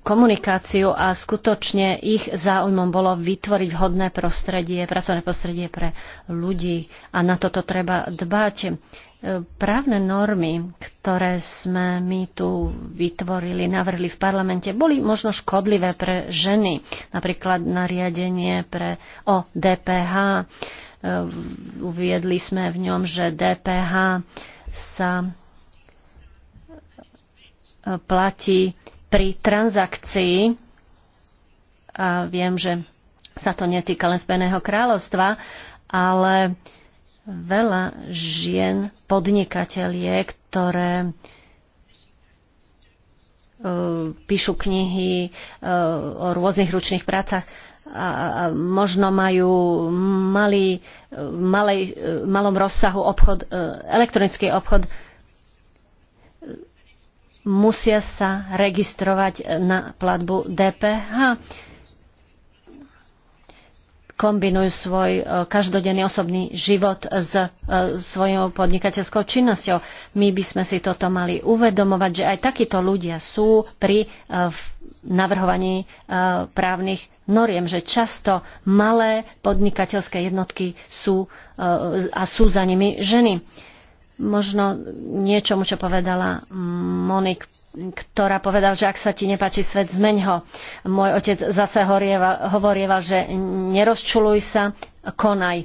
komunikáciu a skutočne ich záujmom bolo vytvoriť vhodné prostredie, pracovné prostredie pre ľudí a na toto treba dbať. E, právne normy, ktoré sme my tu vytvorili, navrhli v parlamente, boli možno škodlivé pre ženy, napríklad nariadenie pre, o DPH. E, uviedli sme v ňom, že DPH sa platí pri transakcii, a viem, že sa to netýka len Spojeného kráľovstva, ale veľa žien podnikatelie, ktoré e, píšu knihy e, o rôznych ručných prácach a možno majú malý, e, malej, malom rozsahu obchod, elektronický obchod musia sa registrovať na platbu DPH. Kombinujú svoj e, každodenný osobný život s e, svojou podnikateľskou činnosťou. My by sme si toto mali uvedomovať, že aj takíto ľudia sú pri e, navrhovaní právnych noriem, že často malé podnikateľské jednotky sú a sú za nimi ženy možno niečomu, čo povedala Monik, ktorá povedal, že ak sa ti nepáči svet, zmeň ho. Môj otec zase horieva, hovorieval, že nerozčuluj sa, konaj.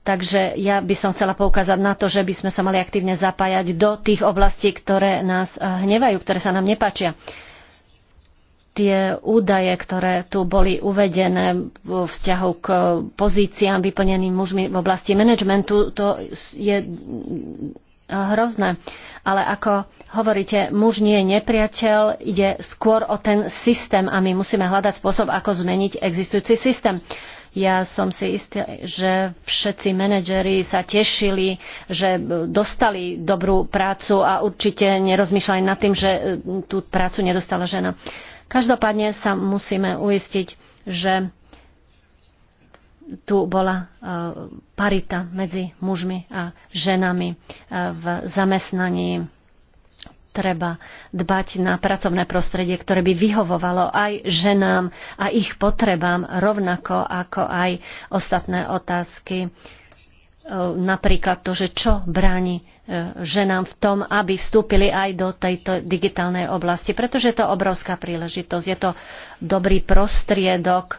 Takže ja by som chcela poukázať na to, že by sme sa mali aktívne zapájať do tých oblastí, ktoré nás hnevajú, ktoré sa nám nepačia tie údaje, ktoré tu boli uvedené vo vzťahu k pozíciám vyplneným mužmi v oblasti manažmentu, to je hrozné. Ale ako hovoríte, muž nie je nepriateľ, ide skôr o ten systém a my musíme hľadať spôsob, ako zmeniť existujúci systém. Ja som si istý, že všetci manažeri sa tešili, že dostali dobrú prácu a určite nerozmýšľali nad tým, že tú prácu nedostala žena. Uh, Každopádne sa musíme uistiť, že tu bola e, parita medzi mužmi a ženami e, v zamestnaní. Treba dbať na pracovné prostredie, ktoré by vyhovovalo aj ženám a ich potrebám, rovnako ako aj ostatné otázky e, napríklad to, že čo bráni ženám v tom, aby vstúpili aj do tejto digitálnej oblasti, pretože je to obrovská príležitosť. Je to dobrý prostriedok, e,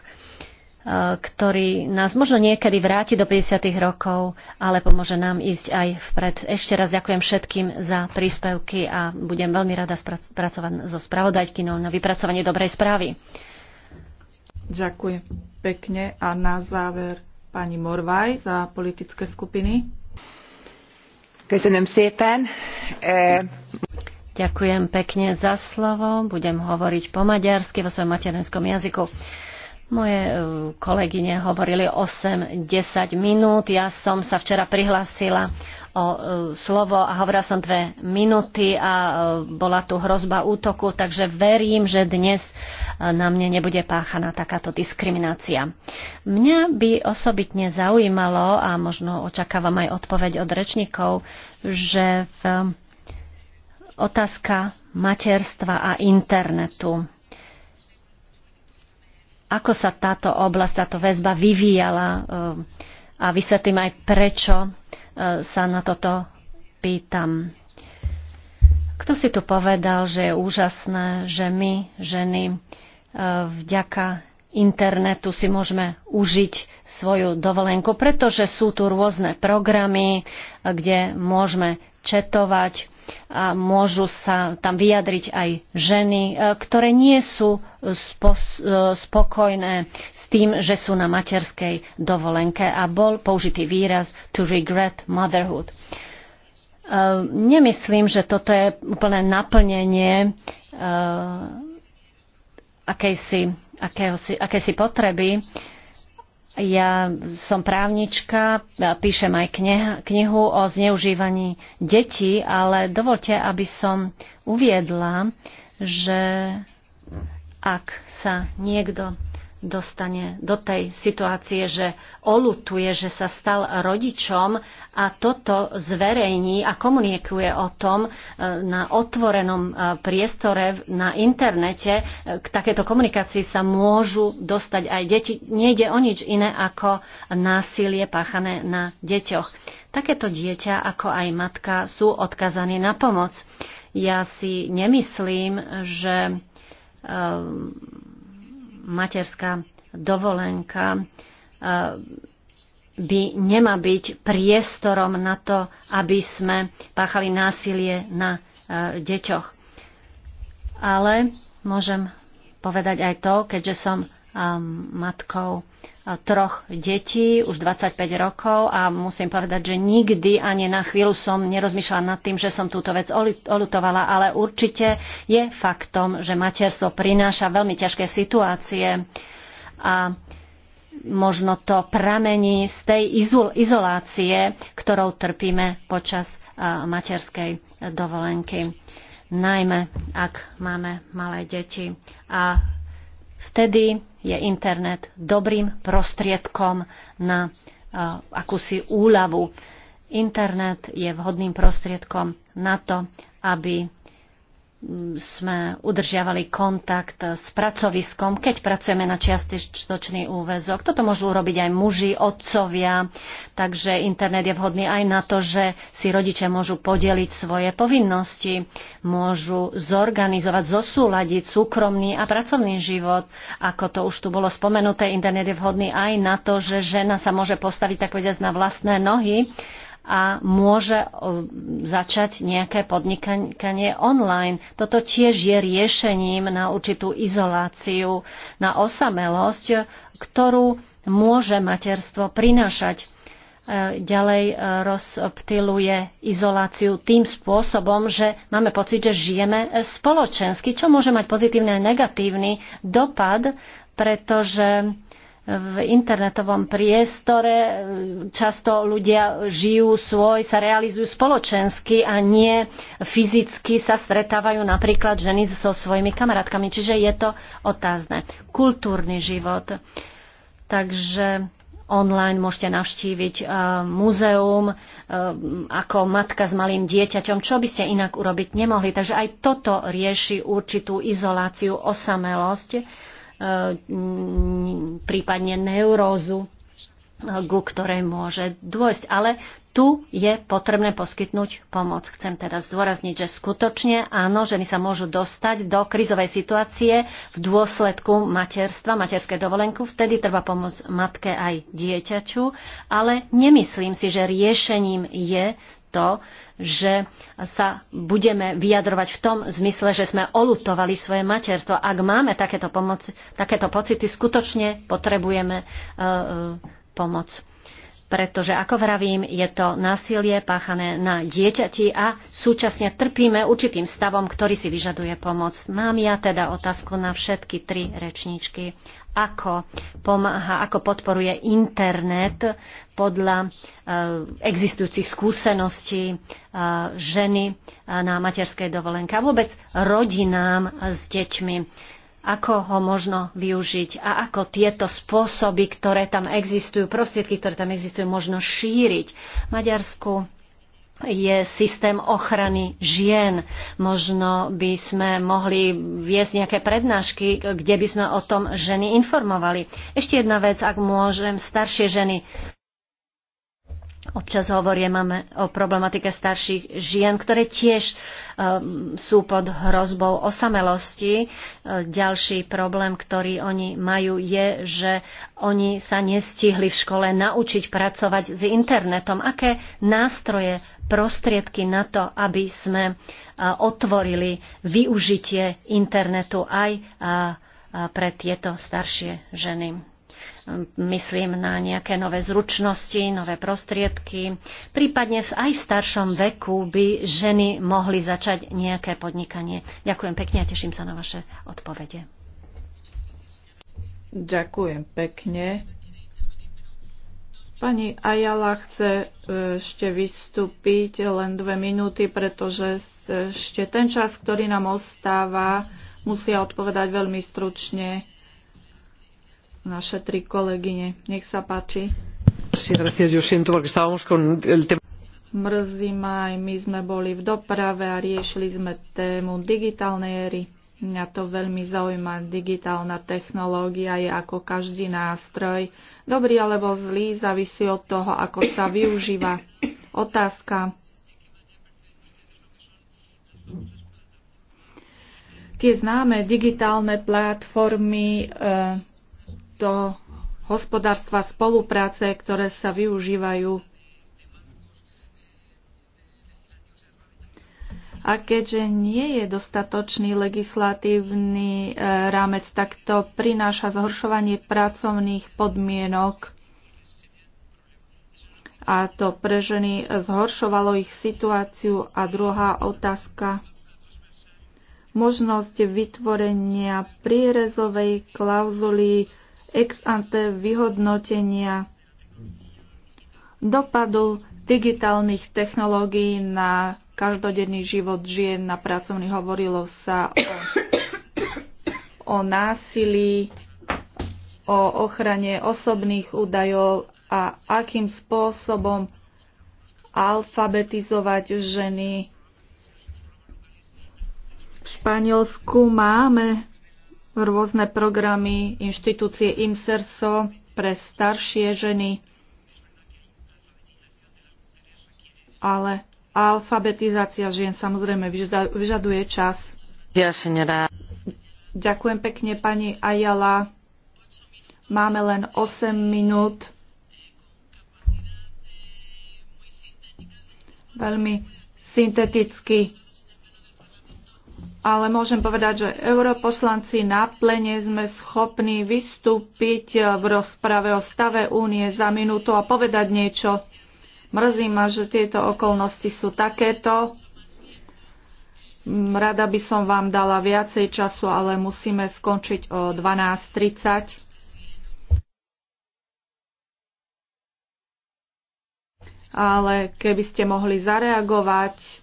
ktorý nás možno niekedy vráti do 50. rokov, ale pomôže nám ísť aj vpred. Ešte raz ďakujem všetkým za príspevky a budem veľmi rada pracovať so spravodajkynou na vypracovanie dobrej správy. Ďakujem pekne a na záver pani Morvaj za politické skupiny. E, Ďakujem pekne za slovo. Budem hovoriť po maďarsky vo svojom materinskom jazyku. Moje e, kolegyne hovorili 8-10 minút. Ja som sa včera prihlásila o e, slovo a hovorila som dve minúty a e, bola tu hrozba útoku, takže verím, že dnes e, na mne nebude páchaná takáto diskriminácia. Mňa by osobitne zaujímalo, a možno očakávam aj odpoveď od rečníkov, že v otázka materstva a internetu ako sa táto oblasť, táto väzba vyvíjala a vysvetlím aj prečo sa na toto pýtam. Kto si tu povedal, že je úžasné, že my, ženy, e, vďaka internetu si môžeme užiť svoju dovolenku, pretože sú tu rôzne programy, e, kde môžeme četovať, a môžu sa tam vyjadriť aj ženy, e, ktoré nie sú e, spokojné s tým, že sú na materskej dovolenke a bol použitý výraz to regret motherhood. E, nemyslím, že toto je úplné naplnenie akejsi, akéhosi, akési potreby, ja som právnička, píšem aj knihu o zneužívaní detí, ale dovolte, aby som uviedla, že ak sa niekto dostane do tej situácie, že olutuje, že sa stal rodičom a toto zverejní a komunikuje o tom e, na otvorenom e, priestore na internete. E, k takéto komunikácii sa môžu dostať aj deti. Nejde o nič iné ako násilie páchané na deťoch. Takéto dieťa ako aj matka sú odkazaní na pomoc. Ja si nemyslím, že um, materská dovolenka e, by nemá byť priestorom na to, aby sme páchali násilie na e, deťoch. Ale môžem povedať aj to, keďže som e, matkou troch detí, už 25 rokov a musím povedať, že nikdy ani na chvíľu som nerozmýšľala nad tým, že som túto vec olutovala, ale určite je faktom, že materstvo prináša veľmi ťažké situácie a možno to pramení z tej izolácie, ktorou trpíme počas materskej dovolenky. Najmä, ak máme malé deti. A Vtedy je internet dobrým prostriedkom na e, akúsi úľavu. Internet je vhodným prostriedkom na to, aby sme udržiavali kontakt s pracoviskom, keď pracujeme na čiastočný úvezok. Toto môžu urobiť aj muži, otcovia, takže internet je vhodný aj na to, že si rodičia môžu podeliť svoje povinnosti, môžu zorganizovať, zosúľadiť súkromný a pracovný život. Ako to už tu bolo spomenuté, internet je vhodný aj na to, že žena sa môže postaviť, tak povedať na vlastné nohy a môže začať nejaké podnikanie online. Toto tiež je riešením na určitú izoláciu, na osamelosť, ktorú môže materstvo prinášať. E, ďalej e, rozptiluje izoláciu tým spôsobom, že máme pocit, že žijeme e, spoločensky, čo môže mať pozitívny a negatívny dopad, pretože v internetovom priestore často ľudia žijú svoj, sa realizujú spoločensky a nie fyzicky sa stretávajú napríklad ženy so svojimi kamarátkami. Čiže je to otázne. Kultúrny život. Takže online môžete navštíviť e, múzeum e, ako matka s malým dieťaťom, čo by ste inak urobiť nemohli. Takže aj toto rieši určitú izoláciu, osamelosť Eh, prípadne neurózu, eh, ku ktorej môže dôjsť. Ale tu je potrebné poskytnúť pomoc. Chcem teda zdôrazniť, že skutočne áno, ženy sa môžu dostať do krizovej situácie v dôsledku materstva, materskej dovolenku. Vtedy treba pomôcť matke aj dieťaťu, ale nemyslím si, že riešením je to, že sa budeme vyjadrovať v tom zmysle, že sme olutovali svoje materstvo. Ak máme takéto, pomoci, takéto pocity, skutočne potrebujeme uh, pomoc. Pretože, ako vravím, je to násilie páchané na dieťati a súčasne trpíme určitým stavom, ktorý si vyžaduje pomoc. Mám ja teda otázku na všetky tri rečníčky ako pomáha, ako podporuje internet podľa eh, existujúcich skúseností eh, ženy eh, na materskej dovolenke a vôbec rodinám s deťmi ako ho možno využiť a ako tieto spôsoby, ktoré tam existujú, prostriedky, ktoré tam existujú, možno šíriť. V Maďarsku je systém ochrany žien. Možno by sme mohli viesť nejaké prednášky, kde by sme o tom ženy informovali. Ešte jedna vec, ak môžem, staršie ženy. Občas hovoríme o problematike starších žien, ktoré tiež e, sú pod hrozbou osamelosti. E, ďalší problém, ktorý oni majú, je, že oni sa nestihli v škole naučiť pracovať s internetom. Aké nástroje, prostriedky na to, aby sme e, otvorili využitie internetu aj pre tieto staršie ženy? myslím na nejaké nové zručnosti, nové prostriedky. Prípadne aj v staršom veku by ženy mohli začať nejaké podnikanie. Ďakujem pekne a teším sa na vaše odpovede. Ďakujem pekne. Pani Ajala chce e, ešte vystúpiť len dve minúty, pretože ešte ten čas, ktorý nám ostáva, musia odpovedať veľmi stručne naše tri kolegyne. Nech sa páči. Mrzí ma aj my sme boli v doprave a riešili sme tému digitálnej éry. Mňa to veľmi zaujíma. Digitálna technológia je ako každý nástroj. Dobrý alebo zlý závisí od toho, ako sa využíva. Otázka. Tie známe digitálne platformy e, do hospodárstva spolupráce, ktoré sa využívajú. A keďže nie je dostatočný legislatívny e, rámec, tak to prináša zhoršovanie pracovných podmienok a to pre ženy zhoršovalo ich situáciu. A druhá otázka. Možnosť vytvorenia prierezovej klauzuly ex ante vyhodnotenia dopadu digitálnych technológií na každodenný život žien na pracovný. Hovorilo sa o, o násilí, o ochrane osobných údajov a akým spôsobom alfabetizovať ženy. V Španielsku máme rôzne programy inštitúcie IMSERSO pre staršie ženy, ale alfabetizácia žien samozrejme vyžaduje čas. Ja, Ďakujem pekne, pani Ajala. Máme len 8 minút. Veľmi synteticky ale môžem povedať, že europoslanci na plene sme schopní vystúpiť v rozprave o stave únie za minútu a povedať niečo. Mrzí ma, že tieto okolnosti sú takéto. Mm, rada by som vám dala viacej času, ale musíme skončiť o 12.30. Ale keby ste mohli zareagovať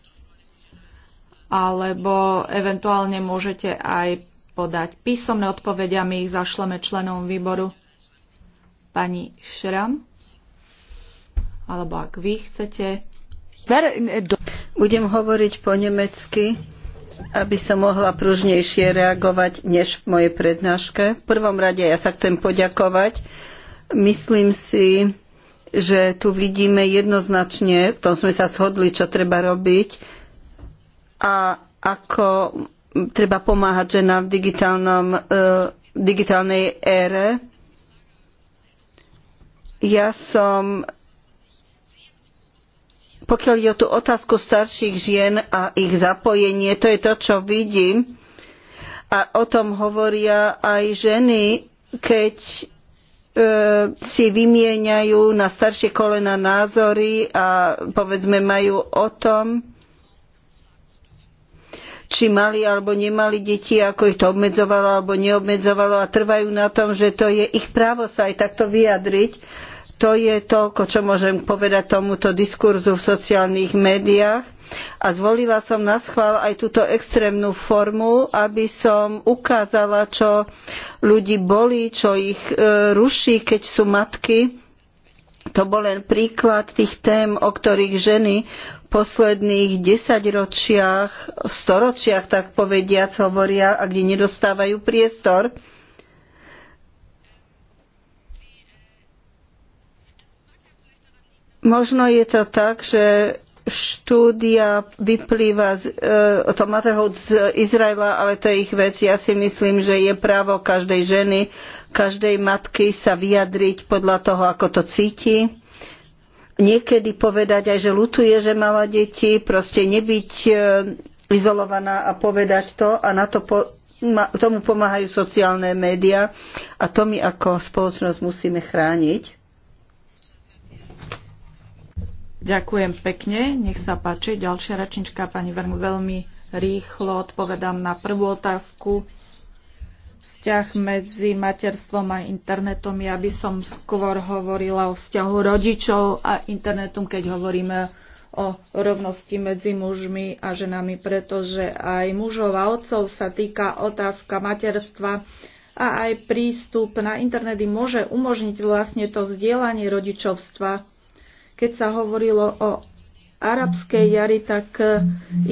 alebo eventuálne môžete aj podať písomné odpovede a my ich zašleme členom výboru. Pani Šram, alebo ak vy chcete. Budem hovoriť po nemecky, aby som mohla pružnejšie reagovať než v mojej prednáške. V prvom rade ja sa chcem poďakovať. Myslím si, že tu vidíme jednoznačne, v tom sme sa shodli, čo treba robiť, a ako treba pomáhať ženám v digitálnom, eh, digitálnej ére. Ja som, pokiaľ je o tú otázku starších žien a ich zapojenie, to je to, čo vidím. A o tom hovoria aj ženy, keď eh, si vymieňajú na staršie kolena názory a povedzme majú o tom, či mali alebo nemali deti, ako ich to obmedzovalo alebo neobmedzovalo a trvajú na tom, že to je ich právo sa aj takto vyjadriť. To je toľko, čo môžem povedať tomuto diskurzu v sociálnych médiách. A zvolila som na schvál aj túto extrémnu formu, aby som ukázala, čo ľudí bolí, čo ich e, ruší, keď sú matky. To bol len príklad tých tém, o ktorých ženy posledných desaťročiach, storočiach, tak povediac, hovoria a kde nedostávajú priestor. Možno je to tak, že štúdia vyplýva z, e, to Matterhood z Izraela, ale to je ich vec. Ja si myslím, že je právo každej ženy, každej matky sa vyjadriť podľa toho, ako to cíti niekedy povedať aj, že lutuje, že mala deti, proste nebyť e, izolovaná a povedať to a na to po, ma, tomu pomáhajú sociálne médiá a to my ako spoločnosť musíme chrániť. Ďakujem pekne, nech sa páči. Ďalšia račnička, pani Vermu, veľmi rýchlo odpovedám na prvú otázku vzťah medzi materstvom a internetom. Ja by som skôr hovorila o vzťahu rodičov a internetom, keď hovoríme o rovnosti medzi mužmi a ženami, pretože aj mužov a otcov sa týka otázka materstva a aj prístup na internety môže umožniť vlastne to zdieľanie rodičovstva. Keď sa hovorilo o arabskej jari, tak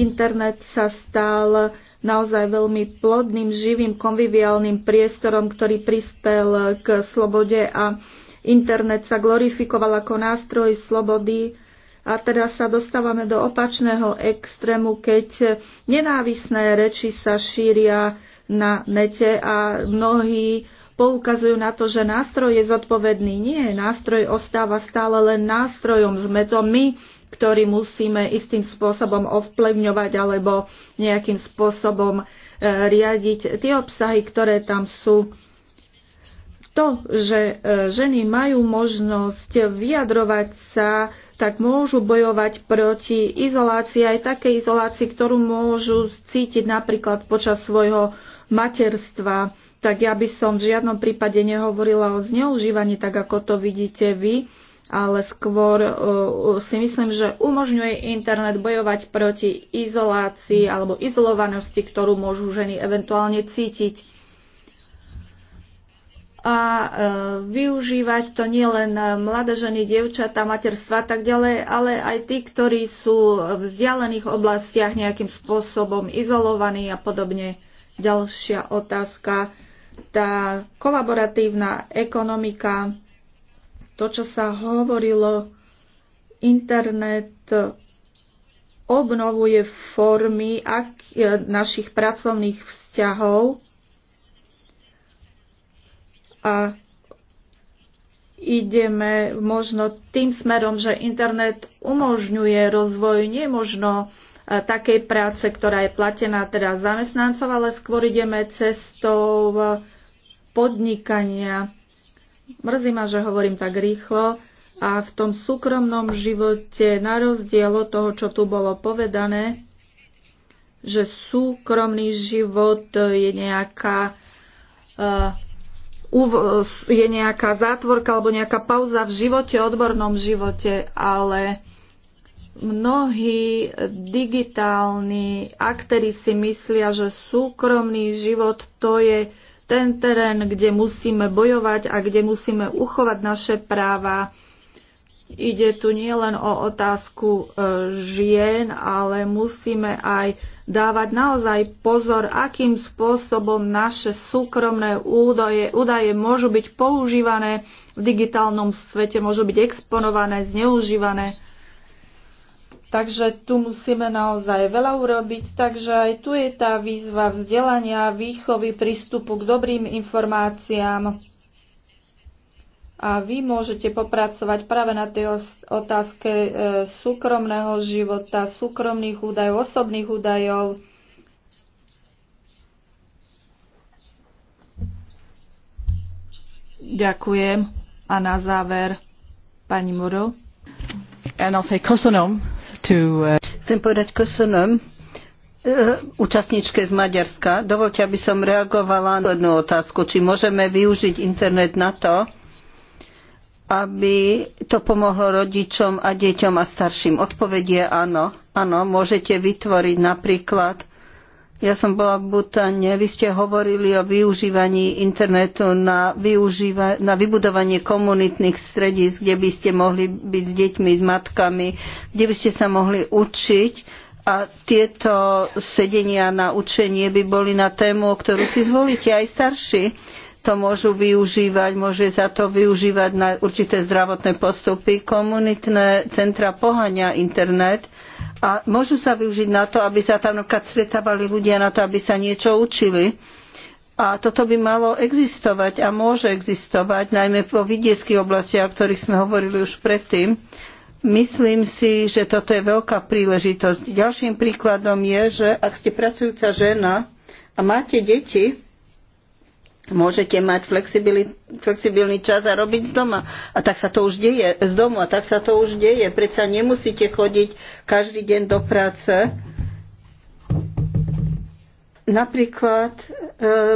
internet sa stal naozaj veľmi plodným, živým, konviviálnym priestorom, ktorý prispel k slobode a internet sa glorifikoval ako nástroj slobody a teraz sa dostávame do opačného extrému, keď nenávisné reči sa šíria na nete a mnohí poukazujú na to, že nástroj je zodpovedný. Nie, nástroj ostáva stále len nástrojom. Sme to my, ktorý musíme istým spôsobom ovplyvňovať alebo nejakým spôsobom e, riadiť tie obsahy, ktoré tam sú. To, že e, ženy majú možnosť vyjadrovať sa, tak môžu bojovať proti izolácii, aj takej izolácii, ktorú môžu cítiť napríklad počas svojho materstva. Tak ja by som v žiadnom prípade nehovorila o zneužívaní, tak ako to vidíte vy, ale skôr uh, si myslím, že umožňuje internet bojovať proti izolácii alebo izolovanosti, ktorú môžu ženy eventuálne cítiť. A uh, využívať to nielen mladé ženy, dievčatá, materstva a tak ďalej, ale aj tí, ktorí sú v vzdialených oblastiach nejakým spôsobom izolovaní a podobne. Ďalšia otázka. Tá kolaboratívna ekonomika to, čo sa hovorilo, internet obnovuje formy ak, e, našich pracovných vzťahov a ideme možno tým smerom, že internet umožňuje rozvoj, nie možno e, takej práce, ktorá je platená teda zamestnancov, ale skôr ideme cestou podnikania. Mrzí ma, že hovorím tak rýchlo a v tom súkromnom živote, na rozdiel od toho, čo tu bolo povedané, že súkromný život je nejaká uh, je nejaká zátvorka alebo nejaká pauza v živote, odbornom živote, ale mnohí digitálni aktéry si myslia, že súkromný život to je ten terén, kde musíme bojovať a kde musíme uchovať naše práva. Ide tu nielen o otázku e, žien, ale musíme aj dávať naozaj pozor, akým spôsobom naše súkromné údaje, údaje môžu byť používané v digitálnom svete, môžu byť exponované, zneužívané. Takže tu musíme naozaj veľa urobiť, takže aj tu je tá výzva vzdelania, výchovy, prístupu k dobrým informáciám. A vy môžete popracovať práve na tej otázke e, súkromného života, súkromných údajov, osobných údajov. Ďakujem. A na záver, pani Muro. Ja naozaj kosonom Uh, Chcem povedať Kosonom, uh, účastníčke z Maďarska. Dovolte, aby som reagovala na jednu otázku, či môžeme využiť internet na to, aby to pomohlo rodičom a deťom a starším. Odpovedie áno. Áno, môžete vytvoriť napríklad ja som bola v Butane. Vy ste hovorili o využívaní internetu na, využíva- na vybudovanie komunitných stredíc, kde by ste mohli byť s deťmi, s matkami, kde by ste sa mohli učiť. A tieto sedenia na učenie by boli na tému, ktorú si zvolíte aj starší to môžu využívať, môže sa to využívať na určité zdravotné postupy. Komunitné centra pohania internet a môžu sa využiť na to, aby sa tam napríklad stretávali ľudia na to, aby sa niečo učili. A toto by malo existovať a môže existovať, najmä vo vidieckých oblastiach, o ktorých sme hovorili už predtým. Myslím si, že toto je veľká príležitosť. Ďalším príkladom je, že ak ste pracujúca žena a máte deti, môžete mať flexibilný čas a robiť z doma. A tak sa to už deje, z domu, a tak sa to už deje. Predsa nemusíte chodiť každý deň do práce. Napríklad e,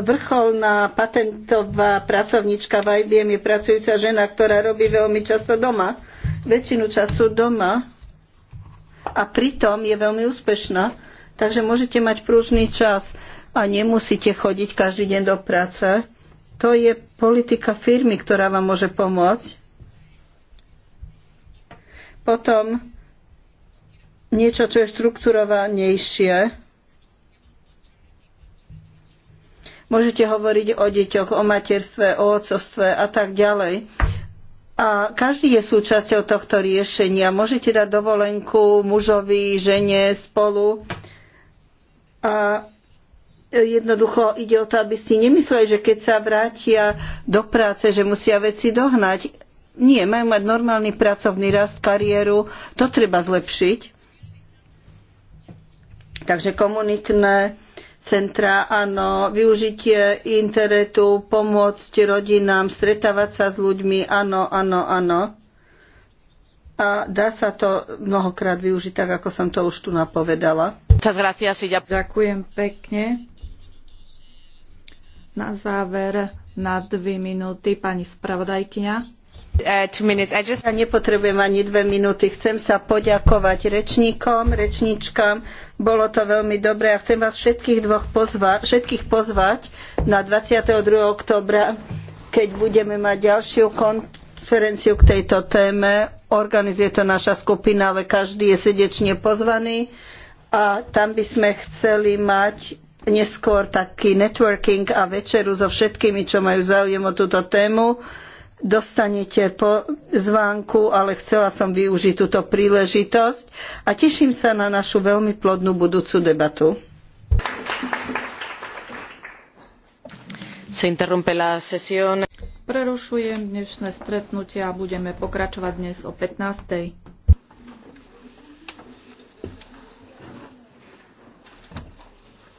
vrcholná patentová pracovnička v IBM je pracujúca žena, ktorá robí veľmi často doma. Väčšinu času doma. A pritom je veľmi úspešná. Takže môžete mať pružný čas a nemusíte chodiť každý deň do práce. To je politika firmy, ktorá vám môže pomôcť. Potom niečo, čo je štrukturovanejšie. Môžete hovoriť o deťoch, o materstve, o otcovstve a tak ďalej. A každý je súčasťou tohto riešenia. Môžete dať dovolenku mužovi, žene, spolu. A jednoducho ide o to, aby si nemysleli, že keď sa vrátia do práce, že musia veci dohnať. Nie, majú mať normálny pracovný rast, kariéru. To treba zlepšiť. Takže komunitné centra, áno, využitie internetu, pomôcť rodinám, stretávať sa s ľuďmi, áno, áno, áno. A dá sa to mnohokrát využiť, tak ako som to už tu napovedala. Ďakujem pekne. Na záver na dve minúty pani spravodajkyňa. Uh, just... Ja nepotrebujem ani dve minúty. Chcem sa poďakovať rečníkom, rečníčkam. Bolo to veľmi dobré a chcem vás všetkých, dvoch pozva- všetkých pozvať na 22. oktobra, keď budeme mať ďalšiu konferenciu k tejto téme. Organizuje to naša skupina, ale každý je srdečne pozvaný. A tam by sme chceli mať neskôr taký networking a večeru so všetkými, čo majú záujem o túto tému. Dostanete po zvánku, ale chcela som využiť túto príležitosť a teším sa na našu veľmi plodnú budúcu debatu. Prerušujem dnešné stretnutie a budeme pokračovať dnes o 15.